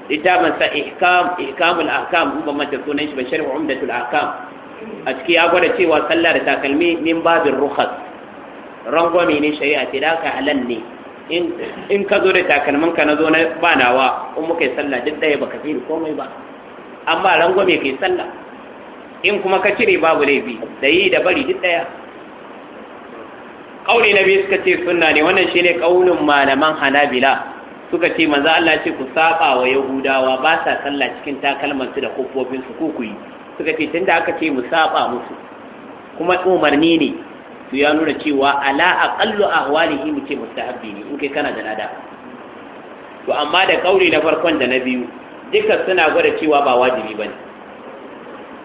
littafin sa ihkam ihkamul ahkam ban manta sunan shi ba sharhul umdatul ahkam a ciki ya gwada cewa sallah da takalmi min babin rukhas rangwame ne shari'a ce da ka halal ne in ka zo da takalmin ka na zo na ba nawa in muka yi sallah duk ɗaya baka fi komai ba amma rangwame kai sallah in kuma ka cire babu laifi da yi da bari duk ɗaya kauli na biyu suka ce sunna ne wannan shine kaulin malaman hanabila suka ce manzo Allah ce ku saba wa yahudawa ba sa sallah cikin takalman su da kofofin su ku suka ce tunda aka ce mu saba musu kuma umarni ne su ya nuna cewa ala aqallu ahwalihi muke mustahabbi ne in kai kana da lada to amma da kauli na farkon da na biyu duka suna gwada cewa ba wajibi bane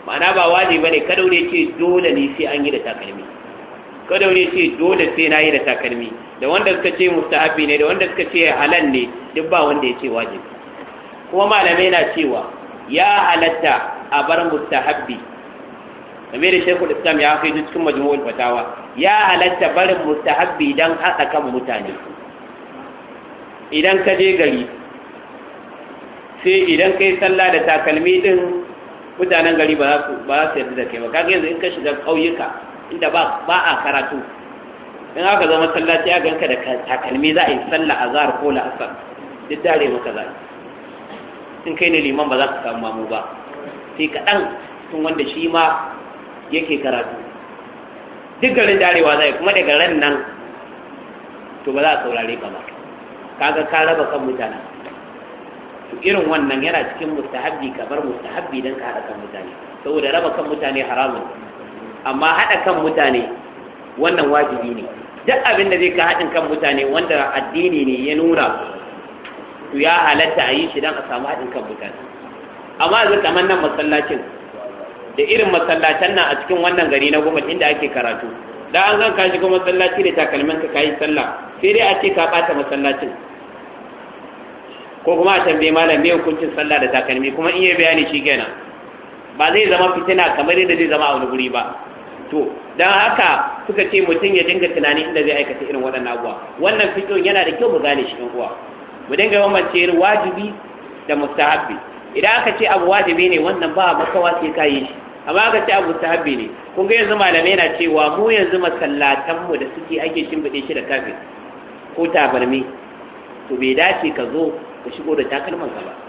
ma'ana ba wajibi bane kada ne ce dole ne sai an yi da takalmi kada wani ce dole sai na yi da takalmi da wanda suka ce mustahabi ne da wanda suka ce halal ne duk ba wanda ya ce wajibi kuma malamai na cewa ya halatta a bar mustahabbi game da shekul islam ya kai cikin majmu'ul fatawa ya halatta barin mustahabbi dan haɗa kan mutane idan ka je gari sai idan ka yi sallah da takalmi ɗin mutanen gari ba za su yarda da kai ba kaga yanzu in ka shiga ƙauyuka inda ba a karatu in aka zama masallaci a ganka da takalmi za a yi sallah a zahar ko la'asar duk dare maka za in kai ne liman ba za ka samu mamu ba sai kaɗan tun wanda shi ma yake karatu duk garin darewa zai kuma daga ran nan to ba za a saurare ka ba kaga ka raba kan mutane to irin wannan yana cikin mustahabbi kamar mustahabbi don ka haɗa kan mutane saboda raba kan mutane haramun amma haɗa kan mutane wannan wajibi ne duk abin da zai ka haɗin kan mutane wanda addini ne ya nuna to ya halatta a yi shi don a samu haɗin kan mutane amma yanzu kamar nan masallacin da irin masallacin nan a cikin wannan gari na goma inda ake karatu da an zan ka shiga masallaci da takalmin ka yi sallah sai dai a ce ka ɓata masallacin ko kuma a tambaye malam me hukuncin sallah da takalmi kuma in yi bayani shi kenan ba zai zama fitina kamar yadda zai zama a wani guri ba to don haka suka ce mutum ya dinga tunani inda zai aikata irin waɗannan abuwa wannan fito yana da kyau mu gane shi uwa mu dinga irin wajibi da mustahabbi idan aka ce abu wajibi ne wannan ba makawa sai ka yi shi amma aka ce abu mustahabbi ne kun ga yanzu malamai na cewa mu yanzu masallatan mu da suke ake shimfiɗe shi da kafin ko tabarmi to bai dace ka zo ka shigo da takalman ka ba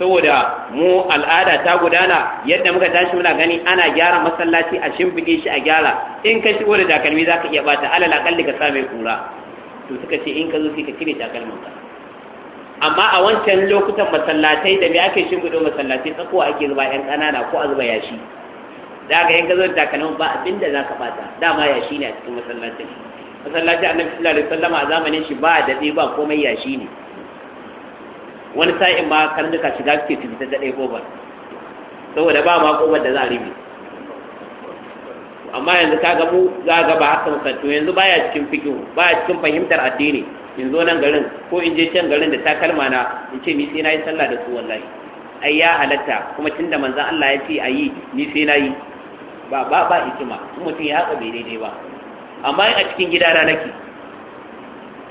saboda mu al'ada ta gudana yadda muka tashi muna gani ana gyara masallaci a shimfiɗe shi a gyara in ka shigo da takalmi za ka iya bata alal akalli ka same kura to suka ce in ka zo sai ka cire takalmin ka amma a wancan lokutan masallatai da me ake shimfiɗo masallatai tsakowa ake zuba yan ƙanana ko a zuba yashi da ka in ka zo da takalmin ba abin da ka zaka bata dama yashi ne a cikin masallacin masallacin annabi sallallahu alaihi wasallama a zamanin shi ba daɗe ba komai yashi ne wani sa'in ma karnuka shiga suke su ta daɗe ƙofar saboda ba ma ƙofar da za a rufe amma yanzu ka gabu za a gaba haka musanto yanzu baya cikin fikin baya cikin fahimtar addini in zo nan garin ko in je can garin da takalma na in ce ni sai na yi sallah da su wallahi ai ya halatta kuma tun da manzan Allah ya ce a yi ni sai na yi ba ba ba hikima kuma mutum ya haka bai daidai ba amma a cikin gidana nake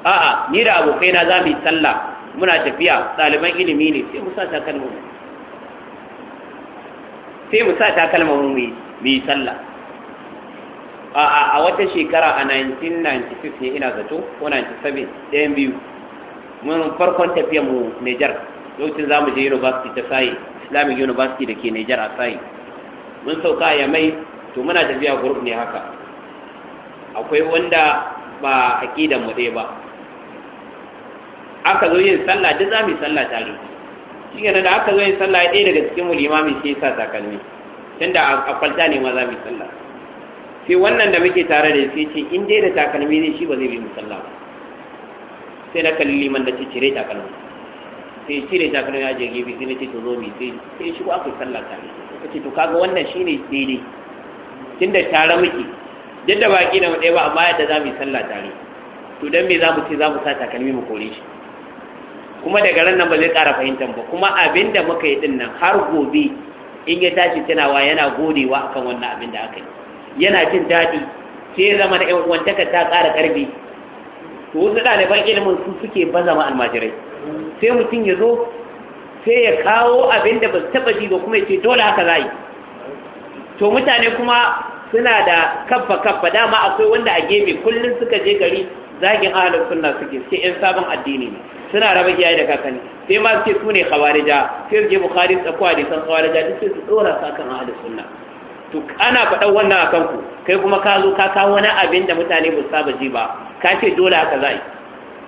a'a ni da abokaina za mu yi sallah muna tafiya ɗaliban ilimi ne sai mu sa takalmin mu sai mu sa takalmin mu yi sallah a wata shekara a 1996 ne ina zato ko 97 ɗayan biyu mun farkon tafiya mu Nijar lokacin za mu je university ta sayi Islamic University da ke Nijar a sayi mun sauka ya mai to muna tafiya group ne haka akwai wanda ba aƙidan mu ɗaya ba aka zo yin sallah duk za mu yi sallah tare shi kenan da aka zo yin sallah ɗaya daga cikin mu limamin shi sa takalmi tunda a kwalta ne ma za mu yi sallah sai wannan da muke tare da shi ce in dai da takalmi ne shi ba zai bi mu sallah ba sai na kalli liman da ce cire takalmi sai cire takalmi ya je gefe sai na ce to zo mu sai sai shi ko aka yi sallah tare ka ce to kaga wannan shi ne daidai tunda tare muke duk da baki na mu ɗaya ba amma yadda za mu yi sallah tare to dan me za mu ce za mu sa takalmi mu kore shi kuma daga ran nan ba zai ƙara fahimtar ba kuma abin da muka yi din nan har gobe in ya tashi tunawa yana godewa akan wannan abin da aka yi yana jin daɗi sai ya zama da ƴan uwantaka ta ƙara ƙarfi to wasu ɗaliban ilimin su suke baza ma almajirai sai mutum ya zo sai ya kawo abin da ba su taɓa ji ba kuma ya ce dole haka za yi to mutane kuma suna da kaffa kaffa dama akwai wanda a gefe kullum suka je gari zagin ahalin sunna suke suke yan sabon addini ne suna raba iyaye da kakanni sai ma suke su ne khawarija sai su je tsakuwa da san khawarija duk su tsora su akan ahalin sunna to ana faɗan wannan akan ku kai kuma ka zo ka kawo wani abin da mutane ba su saba ji ba ka ce dole haka za yi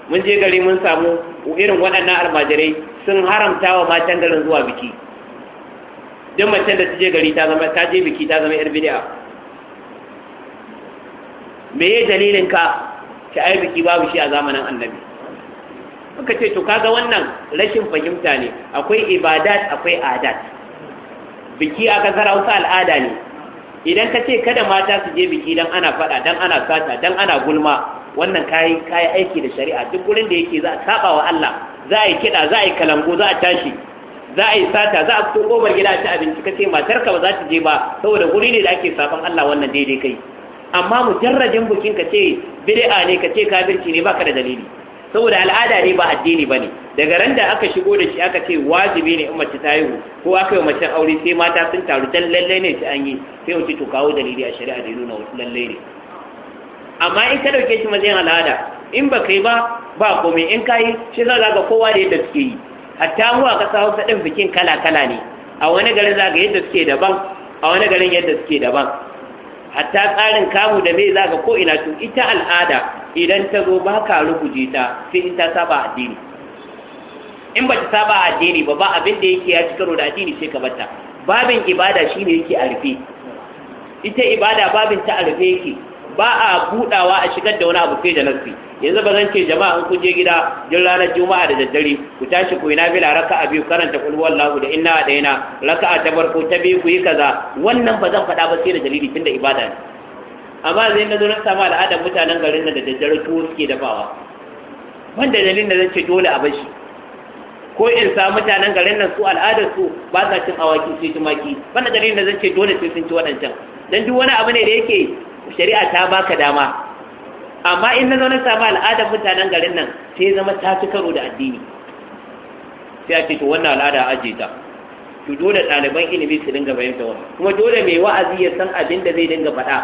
mun je gari mun samu irin waɗannan almajirai sun haramta wa matan garin zuwa biki duk macen da ta je gari ta zama ta je biki ta zama yar bid'a me ye dalilin ka shi biki babu shi a zamanin annabi suka ce to kaga wannan rashin fahimta ne akwai ibadat akwai adat biki a kasar Hausa al'ada ne idan ka ce kada mata su je biki dan ana fada dan ana sata dan ana gulma wannan kayi kayi aiki da shari'a duk gurin da yake za a saba wa Allah za a yi kida za a yi kalango za a tashi za a yi sata za a fito kobar gida ta abinci kace matarka ba za ta je ba saboda guri ne da ake saban Allah wannan daidai kai amma mujarrajin bukin ka ce bid'a ne ka ce kafirci ne baka da dalili saboda al'ada ne ba addini bane daga ran da aka shigo da shi aka ce wajibi ne in mace ta yi ko aka yi mace aure sai mata sun taru dan lalle ne sai an yi sai wuce to kawo dalili a shari'a da nuna lalle ne amma in ka dauke shi matsayin al'ada in ba kai ba ba komai in kai shi za ga kowa da yadda suke yi hatta mu a kasa Hausa din bikin kala kala ne a wani garin za ga yadda suke daban a wani garin yadda suke daban hatta tsarin kamu da mai zaga ko ina to ita al'ada idan ta zo ba ka rubuje ta sai in ta saba addini in ba ta saba addini ba ba abin da yake ya ci karo da addini sai ka bata babin ibada shine yake a rufe ita ibada babin ta a rufe yake ba a budawa a shigar da wani abu sai da nasi yanzu ba zan ce jama'a in kuje je gida jin ranar juma'a da daddare ku tashi ku yi nafila raka'a biyu karanta kul huwallahu da inna da yana raka'a ta farko ta biyu ku yi kaza wannan ba zan faɗa ba sai da dalili da ibada ne amma zai na zo na samu al'adar mutanen garin da daddare tuwo suke dafawa wanda dalilin da zan ce dole a bashi ko in sa mutanen garin nan su al'adar su ba sa cin awaki sai tumaki wanda dalilin da zan ce dole sai sun ci waɗancan dan duk wani abu ne da yake shari'a ta baka dama amma in na zaune na al'adar mutanen garin nan sai zama ta fi karo da addini sai a to wannan al'ada aje ta to dole ɗaliban ilimi su dinga fahimta wannan kuma dole mai wa'azi ya san abin da zai dinga faɗa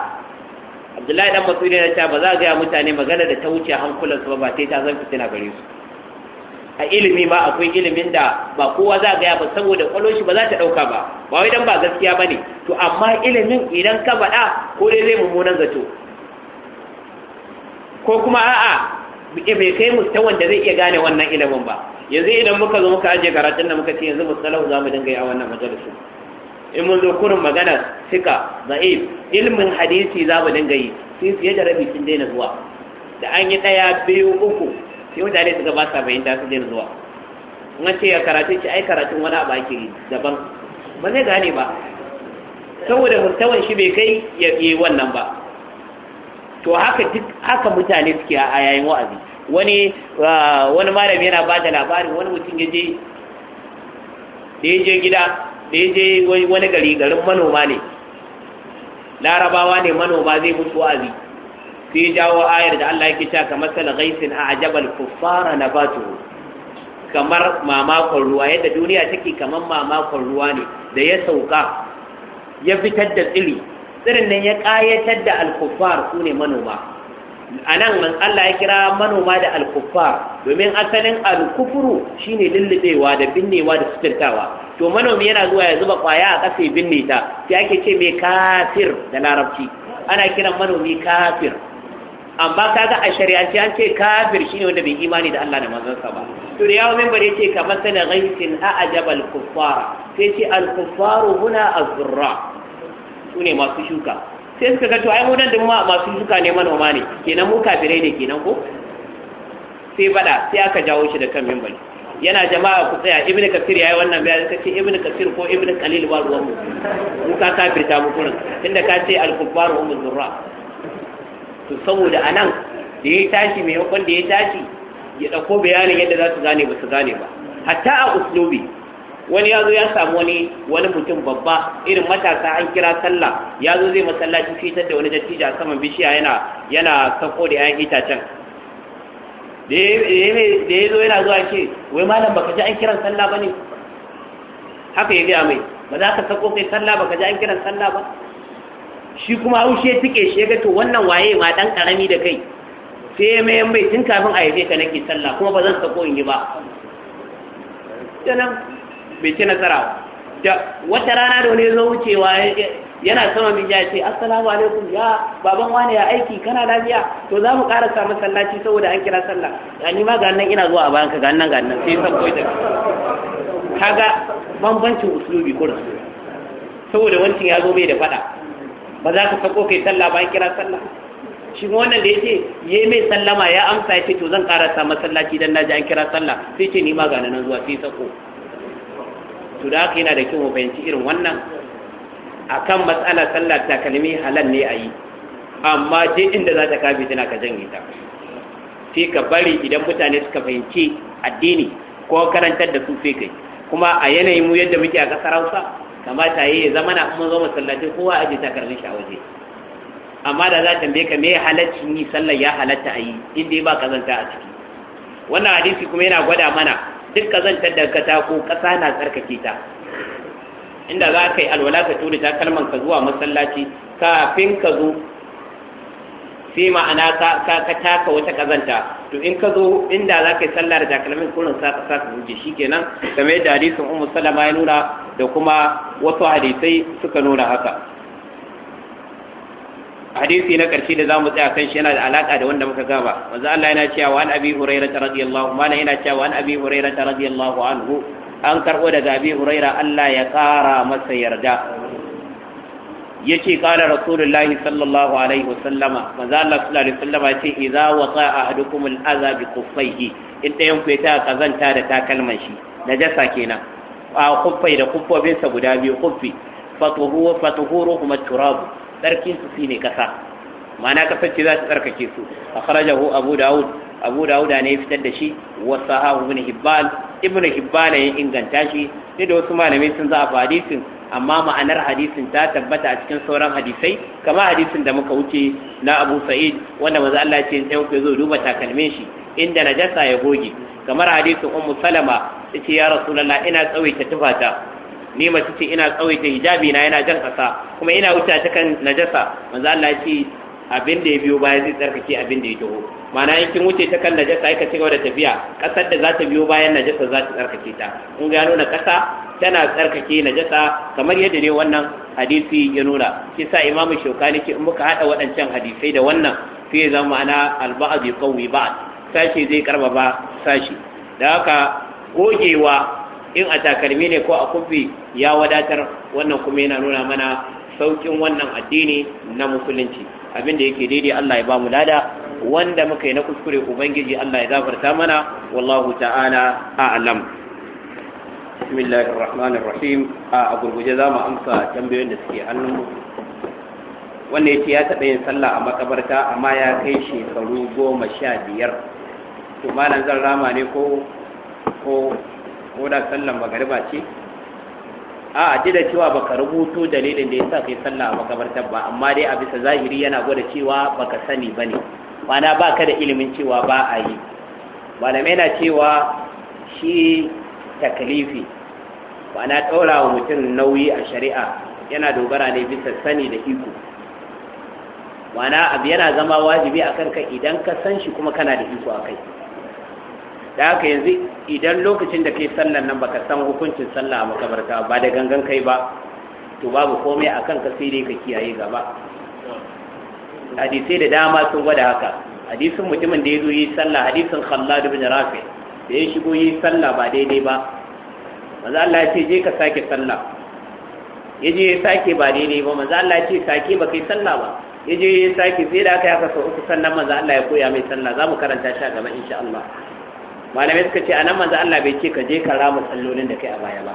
Abdullahi dan Masudi na cewa ba za a gaya mutane magana da ta wuce hankulansu ba ba sai ta zan fitina gare su a ilimi ma akwai ilimin da ba kowa za ga ya ba saboda kwalon shi ba za ta dauka ba ba wai dan ba gaskiya ne. to amma ilimin idan ka faɗa ko dai zai mummunan zato ko kuma a'a bai kai mustawan wanda zai iya gane wannan ilimin ba yanzu idan muka zo muka ajiye karatun da muka ce yanzu musallahu za mu dinga yi a wannan majalisin in mun zo kurin magana sika za'if ilimin hadisi za mu dinga yi sai fiye da rabi sun daina zuwa da an yi ɗaya biyu uku sai mutane suka ba sa bayan su jin zuwa in an ce ya karatu shi ai karatun wani abu ake daban ba zai gane ba saboda hurtawan shi bai kai ya yi wannan ba to haka duk haka mutane suke a yayin wa'azi wani ah, wani malami yana ba da labarin wani mutum ya je da ya je gida da ya je wani gari garin manoma ne larabawa ne manoma zai mutu wa'azi sai jawo ayar da Allah yake cewa kamar Sala ghaisin a ajabal kuffara nabatu kamar mamakon ruwa yadda duniya take kamar mamakon ruwa ne da ya sauka ya fitar da tsiri tsirin nan ya kayatar da al su ne manoma a nan Allah ya kira manoma da al-kuffar. domin asalin al alkufuru shine lullubewa da binnewa da suturtawa to manomi yana zuwa ya zuba kwaya a ƙasa binne ta sai ake ce mai kafir da larabci ana kiran manomi kafir amma kaga a shari'anci, an ce kafir shine wanda bai imani da Allah da manzansa ba to da yawo member ce kamar sana ghaisin a'jaba al-kuffara sai ce al-kuffaru huna az-zurra sune masu shuka sai suka ga to ai mu nan da masu shuka ne manoma ne kenan mu kafirai ne kenan ko sai bada sai aka jawo shi da kan mimbari yana jama'a ku tsaya ibn kasir yayi wannan bayani ka ce ibn kasir ko ibn qalil ba ruwan mu mu ka kafirta mu kurin tunda ka ce al kuffaru hum zurra to saboda a nan da ya tashi maimakon da ya tashi ya ɗauko bayanin yadda za su gane ba su gane ba hatta a uslubi wani ya zo ya samu wani wani mutum babba irin matasa an kira sallah ya zo zai masallaci fitar da wani dattijo a saman bishiya yana yana sako da 'ya'yan itacen da ya zo yana zuwa ce wai malam baka ji an kira sallah ba ne haka ya gaya mai ba za ka sako kai sallah baka ji an kira sallah ba shi kuma haushe tike shi ga to wannan waye ma dan karami da kai sai ya mai mai tun kafin a yaje ka nake sallah kuma ba zan sako in yi ba kenan bai ci nasara da wata rana da wani zo wucewa yana sama min ya ce assalamu alaikum ya baban wani ya aiki kana lafiya to za mu karasa sallaci saboda an kira sallah ga ni ma ga nan ina zuwa a bayan ka ga nan ga nan sai sako da kaga bambancin usulubi kurin saboda wancan ya zo bai da faɗa. ba za ka sako kai sallah ba kira sallah shi wannan da yace ya mai sallama ya amsa ya ce to zan karasa masallaci dan naji an kira sallah sai ce ni ma ga nan zuwa sai sako to da haka yana da kyau mu fahimci irin wannan akan matsala ta takalmi halal ne ayi amma je inda za ta kafi tana ka janye ta sai ka bari idan mutane suka fahimci addini ko karantar da su sai kai kuma a yanayin mu yadda muke a kasar Hausa kamata yi ya zama na kuma zo masallacin kowa aje takalmin shi a waje amma da za tambaye ka me halarci ni sallar ya halatta a yi inda dai ba kazanta a ciki wannan hadisi kuma yana gwada mana duk kazantar da ka tako ƙasa na tsarkake ta inda za ka yi alwala ka tura takalman ka zuwa masallaci kafin ka zo sai ma'ana ka ka taka wata kazanta to in ka zo inda za ka yi sallah da takalmin kullum sa ka sa ka shi kenan game da hadisin ummu salama ya nuna da kuma wasu hadisai suka nuna haka hadisi na ƙarshe da zamu tsaya kan shi yana da alaka da wanda muka gaba manzo Allah yana cewa an abi hurairah radiyallahu mana yana cewa an abi hurairah radiyallahu anhu an karbo daga abi hurairah Allah ya ƙara masa yarda ce, kala rasulullahi sallallahu alaihi wasallama maza Allah sallallahu alaihi wasallama yace idza wata ahadukum al'aza bi kuffaihi in dayan ku ta kazanta da takalman shi najasa kenan a kuffai da kuffobinsa guda biyu kuffi fatuhu wa kuma turabu tsarkin su shine kasa ma'ana kasance za ta tsarkake su akhrajahu abu daud abu daud ne ya fitar da shi wasu sahahu ibn hibban ibn hibban ya inganta shi ne da wasu malamai sun za a hadisin amma ma'anar hadisin ta tabbata a cikin sauran hadisai kamar hadisin da muka wuce na abu sa'id wanda maza Allah ce sai ku zo duba takalmin shi inda najasa ya goge kamar hadisin ummu salama ce ya rasulullah ina tsawaita tufata ni mace ce ina tsawaita hijabi na yana jan ƙasa kuma ina wuce ta kan najasa manzo Allah ce abin da ya biyo baya zai tsarkake abin da ya taho ma'ana in kin wuce ta kan najasa ka cigaba da tafiya kasar da za ta biyo bayan najasa za ta tsarkake ta in ga nuna kasa tana tsarkake najasa kamar yadda ne wannan hadisi ya nuna shi sa imamu shaukani ke in muka hada waɗancan hadisai da wannan sai zama alba'a alba'ad kawai ba sashi zai karba ba sashi da haka gogewa in a takalmi ne ko a kufi ya wadatar wannan kuma yana nuna mana saukin wannan addini na musulunci abin da yake daidai Allah ya ba mu lada wanda muka yi na kuskure ubangiji Allah ya zafarta mana wallahu ta'ala a'lam bismillahir rahmanir a gurguje za mu amsa tambayoyin da suke hannun mu wannan yace ya taɓa yin sallah a makabarta amma ya kai shekaru goma sha biyar to malam zan rama ne ko ko ko da sallan magariba ce A'a, ji da cewa baka rubuto dalilin da ya sa kai sallah a makabartar ba amma dai a bisa zahiri yana gwada cewa baka sani ba ne. ma'ana baka da ilimin cewa ba a yi malamai na cewa shi takalifi ma'ana ɗaura wa mutum nauyi a shari'a yana dogara ne bisa sani da iko ma'ana abu yana zama wajibi a kanka idan ka san shi kuma kana da iko a kai da haka yanzu idan lokacin da kai sallan nan baka san hukuncin sallah a makabarta ba da gangan kai ba to babu komai a kan dai ka kiyaye gaba hadisai da dama sun gwada haka hadisin mutumin da ya zo yi sallah hadisin khallad ibn rafi da ya shigo yi sallah ba daidai ba manzo Allah ya ce je ka sake sallah ya je ya sake ba daidai ba manzo Allah ya ce sake ba kai sallah ba ya je ya sake sai da aka yaka sau uku sannan manzo Allah ya koya mai sallah za mu karanta shi a gaba insha Allah malamai suka ce nan manzan Allah bai ce ka je ka rama tsallonin da kai a baya ba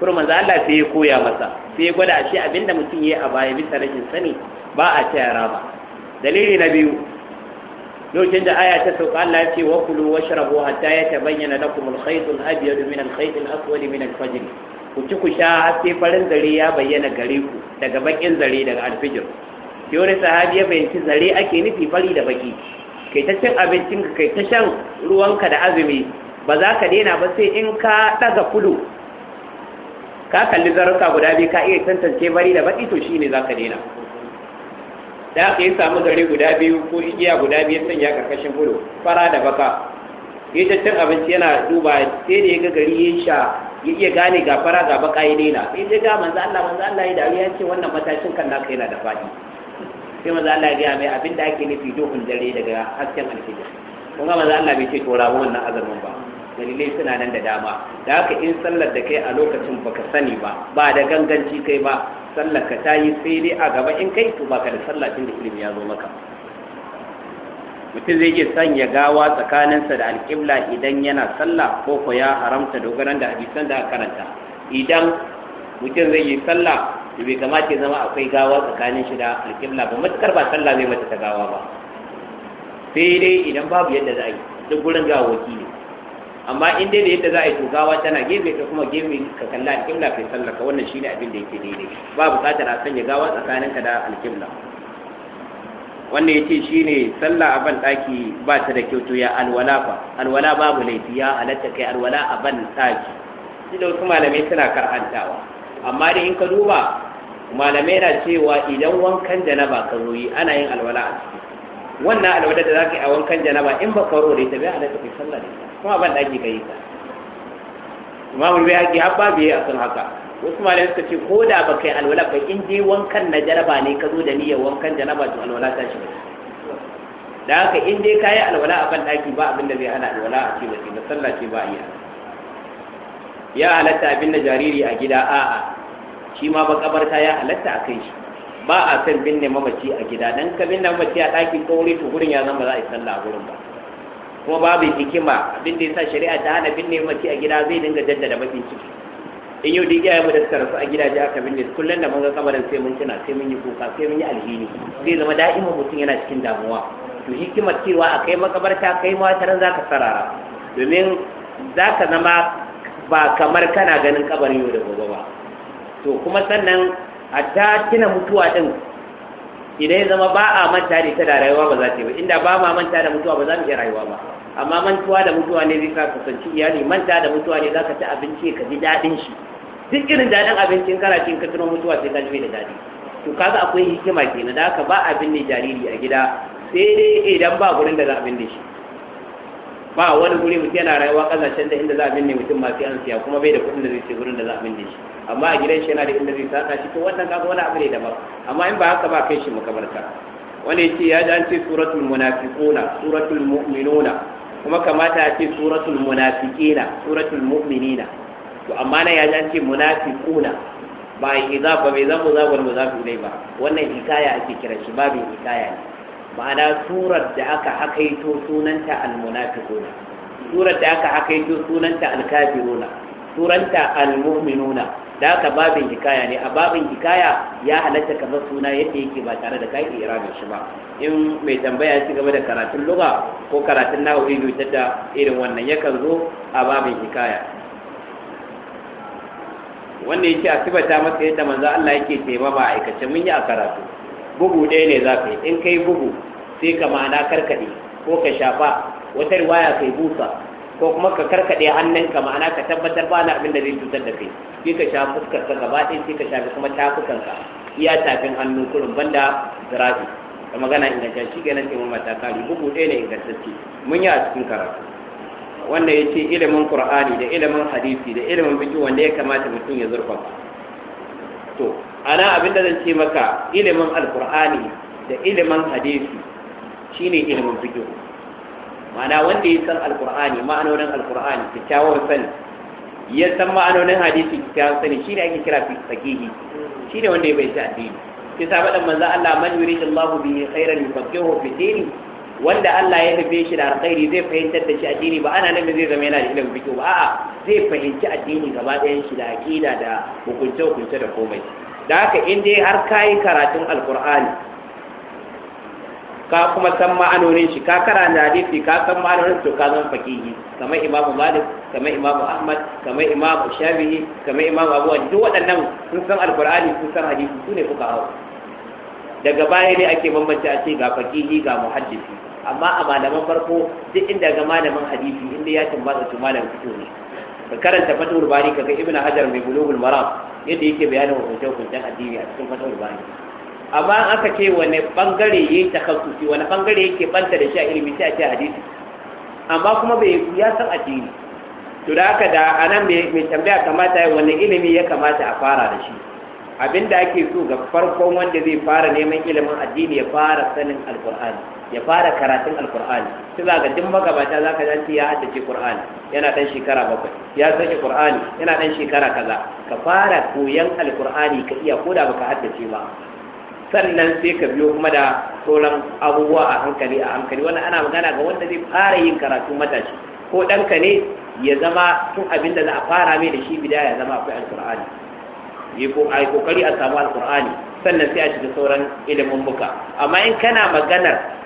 kuma manzan Allah sai ya koya masa sai ya gwada ashe abinda mutum ya yi a baya bisa rashin sani ba a ce a rama dalili na biyu lokacin da aya ta sauka Allah ya ce wa kulu sharabu hatta yatabayyana lakum al-khayt al-abyad min al-khayt min ku ci ku sha haske farin zare ya bayyana gare ku daga bakin zare daga alfijir Yau wani sahabi ya bayyanci zare ake nufi fari da baki Kaitaccen ta cin abincin ka kai ta shan ruwanka da azumi ba za ka daina ba sai in ka daga kudu ka kalli zaruka guda biyu ka iya tantance bari da baki to shine za ka daina da aka yi samu zare guda biyu ko igiya guda biyu sanya karkashin kudu fara da baka Kaitaccen abinci yana duba sai da ya ga gari ya sha ya iya gane ga fara ga baka ya daina sai dai ga manzo Allah manzo Allah ya ya ce wannan matashin kan naka yana da fadi sai maza Allah ya mai abin da ake nufi duhun dare daga hasken alfijir kun ga maza Allah bai ce tora rawo wannan azumin ba dalilai suna nan da dama da haka in sallar da kai a lokacin baka sani ba ba da ganganci kai ba sallar ka ta yi sai dai a gaba in kai to baka da sallar tun da ilimi ya zo maka mutum zai iya sanya gawa tsakanin sa da alƙibla idan yana sallah ko ko ya haramta dogaran da hadisan da karanta idan mutum zai yi sallah bai kamata ya zama akwai gawa tsakanin shi da alƙibla ba matukar ba sallah zai mata ta gawa ba sai dai idan babu yadda za a yi duk gurin waki ne amma in dai da yadda za a yi to gawa tana gefe ka kuma gefe ka kalla alƙibla kai sallah ka wannan shine abin da yake daidai ba buƙatar a sanya gawa tsakanin ka da alƙibla wannan yace shine sallah a ban daki ba ta da kyautu ya alwala fa alwala babu laifi ya halatta kai alwala a ban daki shi da wasu malamai suna kar'antawa amma dai in ka duba malamai na cewa idan wankan janaba ka zo yi ana yin alwala a ciki wannan alwala da zaka yi a wankan janaba in ba karo da ita bai ana tafi sallah da ita kuma ban daki kai ta imamu bai haƙi abba bai a san haka wasu malamai suka ce ko da ba kai alwala ba in dai wankan na janaba ne ka zo da niyyar wankan janaba to alwala ta shi da haka in dai ka yi alwala a ban daki ba abin da zai hana alwala a ciki ba sallah ce ba yi ya halatta abin da jariri a gida a'a shi ma makabarta ya halatta a kai shi ba a san binne mamaci a gida dan ka binne mamaci a ɗakin ko wuri to gurin ya zama za a yi sallah a gurin ba kuma babu hikima abin da yasa shari'a ta hana binne mamaci a gida zai dinga jaddada bakin ciki in yau duk ya mu da suka rasu a gidaje aka binne kullum da mun ga kabarin sai mun tuna sai mun yi kuka sai mun yi alhini zai zama da'ima mutum yana cikin damuwa to hikimar cewa a kai makabarta kai ma taran zaka sarara domin zaka zama ba kamar kana ganin kabarin yau da gobe ba to kuma sannan a ta tuna mutuwa din idan ya zama ba a manta da ita da rayuwa ba za ta yi ba inda ba ma manta da mutuwa ba za mu iya rayuwa ba amma mantuwa da mutuwa ne zai ka kusanci iyali manta da mutuwa ne za ka ci abinci ka ji daɗin shi duk irin daɗin abincin kana cin ka tuno mutuwa sai ka ji da daɗi to kaga akwai hikima kenan da ka ba abin ne jariri a gida sai dai idan ba gurin da za a binne shi ba wani guri mutum yana rayuwa kasashen da inda za a binne mutum masu yan siya kuma bai da kuɗin da zai ce gurin da za a binne shi amma a gidan shi yana da inda zai saka shi to wannan kaga wani abu ne daban amma in ba haka ba kai shi makabarta wani wani ya ji an ce suratul munafiquna suratul mu'minuna kuma kamata a ce suratul munafiqina suratul mu'minina to amma na ya ji an ce munafiquna ba idza ba bai zamu zabul muzafi ne ba wannan hikaya ake kira shi babin hikaya ne ma'ana surar da aka hakaito sunanta almunafiquna surar da aka hakaito sunanta alkafiruna suranta almu'minuna da aka babin hikaya ne a babin hikaya ya halatta ka suna yadda yake ba tare da kai irabin shi ba in mai tambaya ci gaba da karatun lugha ko karatun nahawi ta da irin wannan yakan zo a babin hikaya wannan yake a sibata masa yadda manzo Allah yake taimama a aikace mun yi a karatu bugu ɗaya ne za ka yi in kai bugu sai ka ma'ana karkaɗe ko ka shafa wata riwaya kai busa ko kuma ka karkaɗe hannunka ma'ana ka tabbatar ba na abin da zai cutar da kai sai ka sha fuskar ka gaba ɗaya sai ka shafi kuma tafukan ka iya tafin hannu kurin banda zirafi da magana ingantacce shi kenan sai mun mata kari bugu ɗaya ne ingantacce mun yi a cikin karatu wanda ya ce ilimin qur'ani da ilimin hadisi da ilimin biki wanda ya kamata mutum ya zurfafa to ana abin da zan ce maka ilimin alkur'ani da ilimin hadisi shine ilimin fiqh ma'ana wanda ya san alkur'ani ma'anonin alkur'ani kyakkyawan sani ya san ma'anonin hadisi kyakkyawan sani shine ake kira faqihi shine wanda ya bai addini sai sa faɗin manzo Allah man yuridu Allahu bihi khairan yufaqihu fi dini wanda Allah ya nufi shi da alkhairi zai fahimtar da shi addini ba ana nan zai zama yana da ilimin fiqh ba a'a zai fahimci addini gaba ɗayan shi da aqida da hukunce hukunce da komai da haka in dai har kai karatun alqur'ani ka kuma san ma'anonin shi ka karanta hadisi ka san ma'anonin to ka zama fakihi kamar Imam Malik kamar Imam Ahmad kamar Imam Shafi'i kamar Imam Abu Hanifa duk waɗannan sun san alqur'ani sun san hadisi su ne fuqaha daga baya ne ake bambance a ce ga fakihi ga muhaddisi amma a malaman farko duk inda ga malamin hadisi inda ya tumbatsa su malamin fito ne ka karanta fatawar bari kaga ibn hajar mai bulugul maram yadda yake bayanin hukuncen hukuncen addini a cikin fatawar bari amma an aka ce wani bangare yayi takhassusi wani bangare yake banta da shi a ilimi sai a ce hadisi amma kuma bai ya san addini to da haka da anan mai tambaya kamata wani ilimi ya kamata a fara da shi abinda ake so ga farkon wanda zai fara neman ilimin addini ya fara sanin alqur'ani ya fara karatun alkur'ani sai za ga jin magabata za ka zanti ya haddace qur'ani yana dan shekara bakwai ya sake qur'ani yana dan shekara kaza ka fara koyan alkur'ani ka iya koda baka haddace ba sannan sai ka biyo kuma da tsoron abubuwa a hankali a hankali wannan ana magana ga wanda zai fara yin karatu matashi ko ɗanka ne ya zama tun abin da za a fara mai da shi bidaya ya zama akwai alkur'ani yi ko a yi kokari a samu alkur'ani sannan sai a shiga sauran ilimin buka amma in kana maganar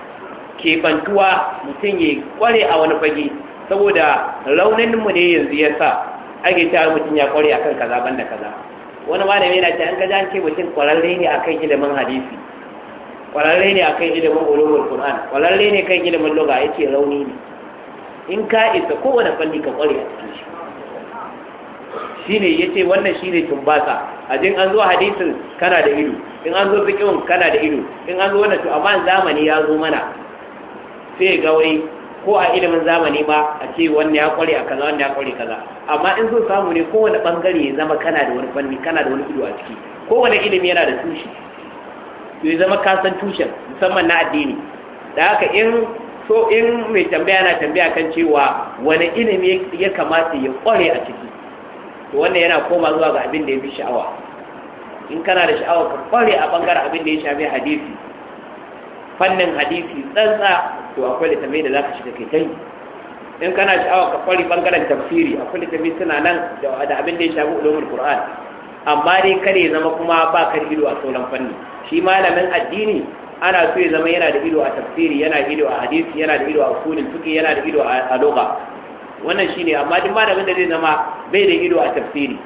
Ke bantuwa mutum ya kware a wani fage saboda rauninmu ne yanzu ya sa ake ta mutum ya kware akan kaza ban da kaza wani malami yana ce an ga an ce mutum kwararre ne akan ilimin hadisi kwararre ne akan ilimin ulumul qur'an kwararre ne kan ilimin lugha yace rauni ne in ka isa kowane fanni ka kware a cikin shi shine yace wannan shine tumbasa a jin an zo hadisin kana da ido in an zo fiqhun kana da ido in an zo wannan to amma zamani ya zo mana sai ga wai ko a ilimin zamani ba a ce wanda ya kware a kaza wanda ya kware kaza amma in zo samu ne kowane bangare ya zama kana da wani fanni kana da wani ido a ciki kowane ilimi yana da tushe to ya zama kasan tushen musamman na addini da haka in so in mai tambaya na tambaya kan cewa wani ilimi ya kamata ya kware a ciki to wannan yana koma zuwa ga abin da ya fi sha'awa in kana da sha'awa ka kware a bangaren abin da ya shafi hadisi fannin hadisi tsantsa to akwai litattafai da za ka shiga kai tai in kana sha'awa ka kwari bangaren tafsiri akwai littafai suna nan da abin da ya shafi ulumul qur'an amma dai kada ya zama kuma ba ka da ido a sauran fanni shi malamin addini ana so ya zama yana da ido a tafsiri yana da ido a hadisi yana da ido a usulin fiqh yana da ido a lugha wannan shine amma duk malamin da zai zama bai da ido a tafsiri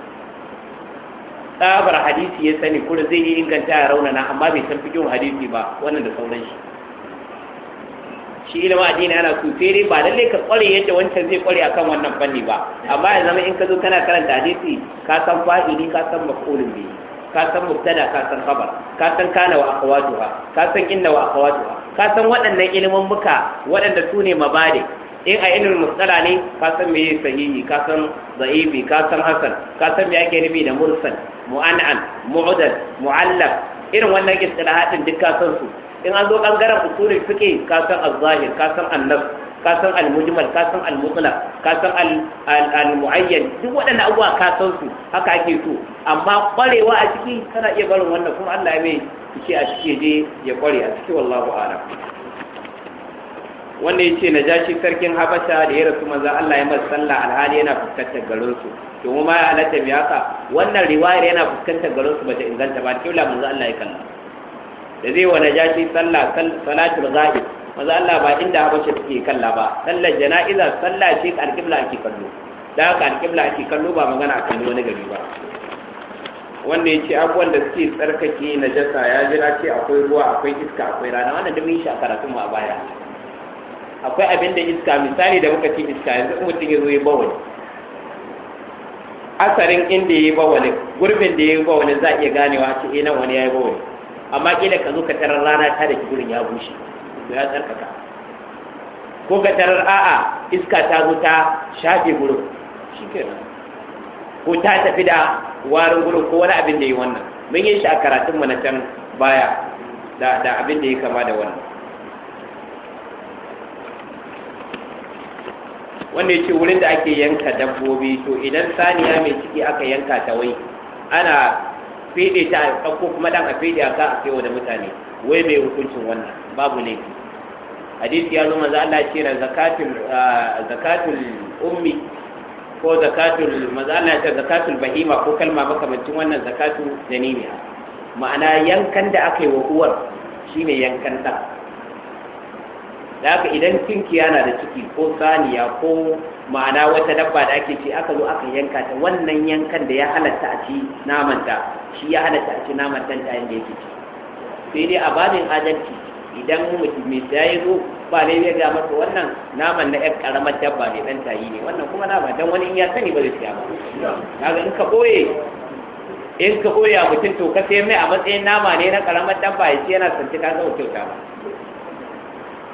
tsabar hadisi ya sani kuma zai yi inganta ya raunana amma bai san fikin hadisi ba wannan da sauran shi shi ilimin addini ana so sai dai ba lalle ka kware yadda wancan zai kware akan wannan fanni ba amma ya zama in ka zo kana karanta hadisi ka san fa'ili ka san maf'ulun bihi ka san mubtada ka san khabar ka san kana wa akhawatuha ka san inna wa akhawatuha ka san waɗannan ilimin muka waɗanda su ne mabadi in a ilmin musala ne ka san me sahihi ka san za'ibi, ka san hasan ka san me ake nufi da mursal mu'an'an mu'dal mu'allaf irin wannan istilahatin duk ka san su in an zo bangaren usulul fiqh ka san az-zahir ka san an-nas ka san al-mujmal ka san al-mutlaq ka san al-muayyan duk waɗannan abubuwa ka san su haka ake so amma kwarewa a ciki kana iya barin wannan kuma Allah ya mai ce a ciki je ya kware a ciki wallahu a'lam wanda ya ce na jashi sarkin habasha da ya rasu maza Allah ya masa sallah alhali yana fuskantar garinsu to mu ma ya halatta mai haka wannan riwayar yana fuskantar garinsu bata inganta ba kibla manzo Allah ya kalla da zai wa na shi sallah salatul ghaib maza Allah ba inda habasha suke kalla ba sallar jana'iza sallah ce alkibla ake kallo da haka alkibla ake kallo ba magana a kan wani gari ba wanda ya ce abubuwan da suke tsarkake najasa ya jira ce akwai ruwa akwai iska akwai rana wannan da mun shi a karatun ma a baya akwai abin da iska misali da muka ce iska yanzu mutum ya zo ya bawani asarin inda ya yi bawani gurbin da ya yi bawani za a iya ganewa ce ina eh, wani ya yi bawani amma kila ka zo ka tarar rana ta da gurin ya bushe to ya tsarkaka ko ka tarar a'a iska ta zo ta shafe gurin shikenan ko ta tafi da warin gurin ko wani abin da ya yi wannan mun yi shi a karatunmu na can baya da abin da ya kama da wannan wanda ya ce wurin da ake yanka dabbobi to idan saniya mai ciki aka yanka ta wai ana fede ta a ko kuma dan a fede a ka a kai wa da mutane wai mai hukuncin wannan babu laifi hadisi ya zo manzo Allah ce na zakatul zakatul ummi ko zakatul manzo Allah ce zakatul bahima ko kalma makamancin wannan zakatu zanimiya ma'ana yankan da aka yi wa uwar shine yankan ta da haka idan tinkiya na da ciki ko saniya ko ma'ana wata dabba da ake ce aka zo aka yanka ta wannan yankan da ya halatta a ci naman ta shi ya halatta a ci naman ta yanda yake ci sai dai a babin adalci idan mutum mai ya zo ba ne ya ga masa wannan naman na 'yar karamar dabba mai ɗan tayi ne wannan kuma ba dan wani in ya sani ba zai siya ba kaga in ka ɓoye in ka ɓoye a mutum to ka sai mai a matsayin nama ne na karamar dabba ya ce yana santi ka ga kyauta ba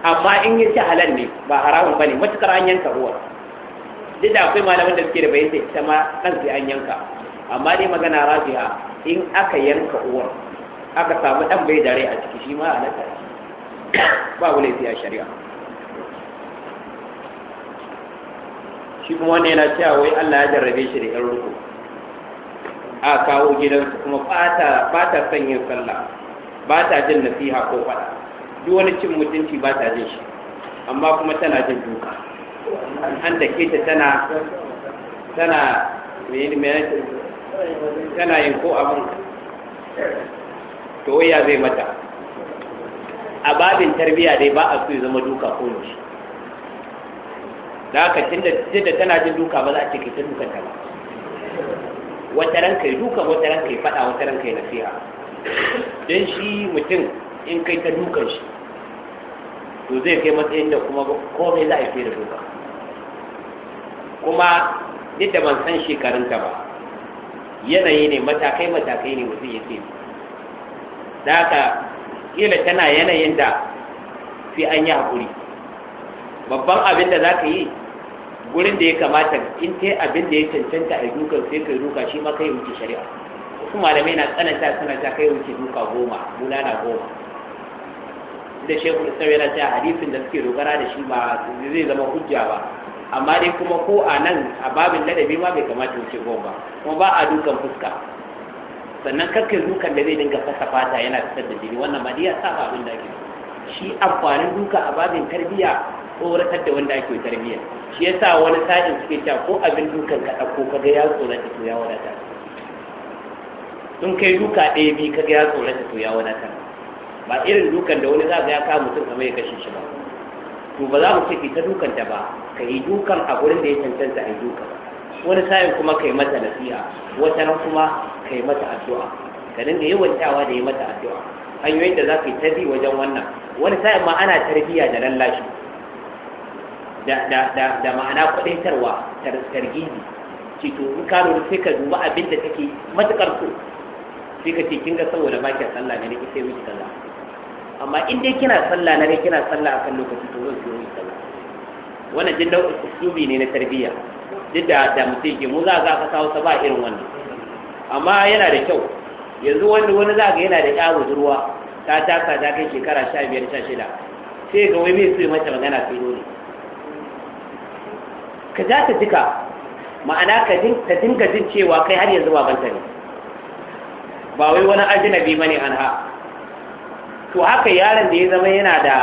amma in yi ci halal ne ba haramun bane matukar an yanka ruwa duk da akwai malamin da suke da bayan ita ma kan sai an yanka amma dai magana rajiha in aka yanka uwar aka samu dan bai da rai a ciki shi ma halaka ba wani laifi a shari'a shi kuma wannan yana cewa wai Allah ya jarrabe shi da yan ruku a kawo gidansu kuma fata fata son sallah ba ta jin nasiha ko faɗa duk wani cin mutunci ba ta jin shi amma kuma tana jin duka an da ta tana tana mai tana yin ko abin to ya zai mata a babin tarbiya dai ba a suyi zama duka ko ne da haka tunda tana jin duka ba za a cikin kai ta dukan ta ba wata ranka yi duka wata ranka yi fada wata ranka yi nasiha don shi mutum in kai ta dukan shi to zai kai matsayin da kuma komai za a yi da duka kuma duk da ban san shekarunta ba yanayi ne matakai matakai ne mutum ya ce da haka kila tana yanayin da fi an yi haƙuri babban abin da za ka yi gurin da ya kamata in ta abin da ya cancanta a dukan sai ka duka shi ma kai wuce shari'a wasu malamai na tsananta suna ta kai wuce duka goma na goma da shehu islam yana cewa hadisin da suke dogara da shi ba zai zama hujja ba amma dai kuma ko a nan a babin ladabi ma bai kamata ya ce ba kuma ba a dukan fuska sannan kakkai dukan da zai dinga fasa fata yana fitar da jini wannan ma dai ya saba abin da ake shi amfanin duka a babin tarbiyya tsoratar da wanda ake tarbiyya shi yasa wani sajin suke cewa ko abin dukan ka ɗauko ka ga ya tsorata to ya wadata in kai duka ɗaya biyu ka ga ya tsorata to ya wadata ba irin dukan da wani za ga ya kawo mutum kamar ya kashe shi ba to ba za mu ce ita dukan ta ba ka yi dukan a gurin da ya cancanta a yi dukan wani sa'in kuma ka yi mata nasiha wata nan kuma ka yi mata addu'a ka dinga yawantawa da yi mata addu'a hanyoyin da za ka yi ta wajen wannan wani sa'in ma ana tarbiyya da lallashi da ma'ana kwadaitarwa targizi ce to in ka lura sai ka duba abin da take matukar so sai ka ce kin ga saboda ba ki sallah ne nake sai miki sallah amma in dai kina sallah na dai kina sallah akan lokaci to zai yi sallah wannan jin nau'in usubi ne na tarbiyya duk da da mutum yake mu za ga ka kawo ba irin wannan amma yana da kyau yanzu wani wani za ga yana da ya budurwa ta taka ta kai shekara sha biyar sai ga wai mai so mata magana sai dole ka ja ta jika ma'ana ka dinga jin cewa kai har yanzu ba ne ba wai wani ajinabi bane anha to haka yaron da ya zama yana da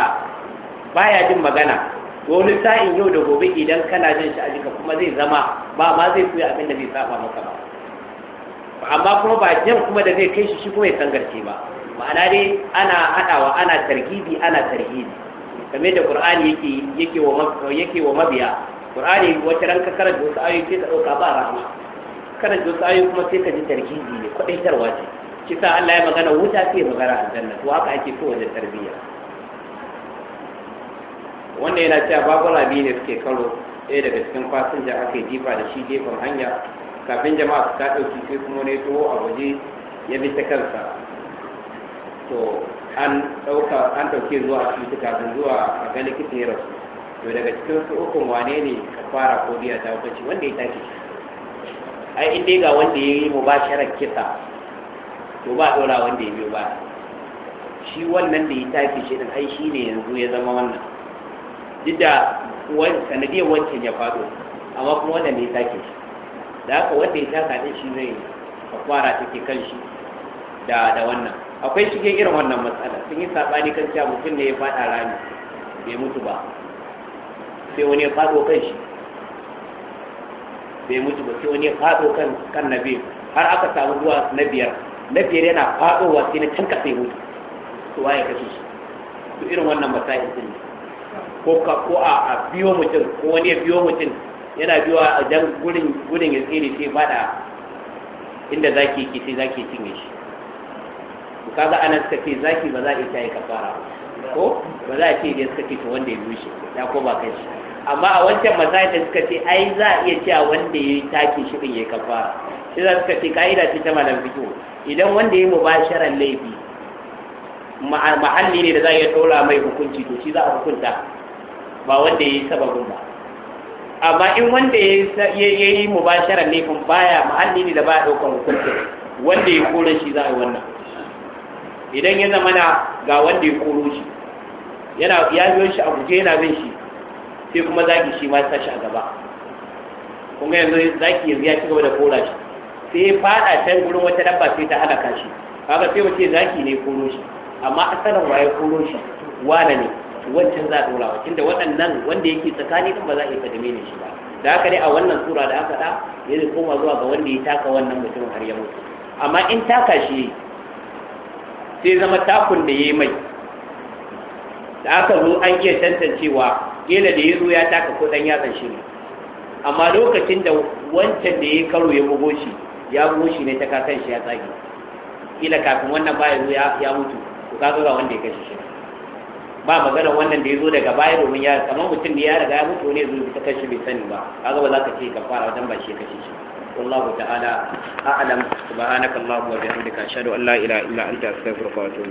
baya jin magana to wani sa'in yau da gobe idan kana jin shi a jika kuma zai zama ba ma zai koya abin da zai saba maka ba amma kuma ba jin kuma da zai kai shi shi kuma ya sangarce ba ma'ana dai ana haɗawa ana tarhibi ana tarhibi kamar da qur'ani yake yake wa yake wa mabiya qur'ani wata ran ka karanta wasu ayoyi sai ka dauka ba rahama karanta wasu ayoyi kuma sai ka ji tarhibi ne kwadaitarwa ce kisa Allah ya magana wuta fiye magana aljanna to haka ake so wajen tarbiyya wanda yana cewa babu biyu ne suke karo ɗaya daga cikin fasinja aka yi jifa da shi gefen hanya kafin jama'a su ta ɗauki sai kuma ne tuwo a waje ya bi ta kansa to an ɗauka an ɗauke zuwa asibiti kafin zuwa a ga likita ya rasu to daga cikin su ukun wane ne ka fara ko biya ta wuce wanda ya tashi ai in dai ga wanda ya yi mubasharar kisa to ba ɗora wanda ya biyo ba shi wannan da ya tafi shi ɗin ai shi ne yanzu ya zama wannan duk da sanadiyar wancan ya faɗo amma kuma wannan da ya take shi da haka wanda ya taka ɗin shi zai kwara take kan shi da da wannan akwai shige irin wannan matsala sun yi saɓani kan cewa mutum ne ya faɗa rami bai mutu ba sai wani ya faɗo kan shi bai mutu ba sai wani ya faɗo kan kan nabi har aka samu zuwa na biyar na biyar yana faɗowa sai na canka sai mutu to waye kashe shi Su irin wannan matsayin sun ne ko ka ko a biyo mutum ko wani ya biyo mutum yana biyo a jan gudun ya tsere sai faɗa inda zaki ke, sai zaki cinye shi kaga anan suka ce zaki ba za a iya yi kafara ko ba za a ce idan suka ce to wanda ya bushe ya ko ba kai shi amma a wancan matsayin da suka ce ai za a iya cewa wanda ya take shi ɗin ya kafara sai za suka ce ka'ida ce ta malam fito idan wanda ya yi mubasharan laifi mahalli ne da za a iya ɗora mai hukunci to shi za a hukunta ba wanda ya yi sababin ba amma in wanda ya yi mubasharan laifin baya mahalli ne da ba a ɗaukan hukuncin wanda ya kore shi za a yi wannan idan ya zama na ga wanda ya koro shi yana ya biyo shi a guje yana bin shi sai kuma zaki shi ma ya a gaba kuma yanzu zaki yanzu ya ci gaba da kora shi sai ya fada can gurin wata dabba sai ta halaka shi kaga sai wace zaki ne koro shi amma asalin waye koro shi wane ne wancan za a dora wa tunda waɗannan wanda yake tsakani din ba za a iya kadame ne shi ba da haka dai a wannan sura da aka da ya koma zuwa ga wanda ya taka wannan mutum har ya mutu amma in taka shi sai zama takun da ya mai da aka zo an iya tantancewa kila da ya zo ya taka ko ɗan yatsan shi ne amma lokacin da wancan da ya karo ya bugo shi ya shi ne ta kan shi ya tsage kila kafin wannan ba ya zo ya mutu to ka ga wanda ya kashe shi ba magana wannan da ya zo daga baya domin ya kamar mutum da ya riga ya mutu ne zuwa ta kashe bai sani ba ga ba za ka ce ka fara wajen ba shi ya kashe shi والله تعالى أعلم سبحانك اللهم وبحمدك an أن لا إله إلا أنت أستغفرك وأتوب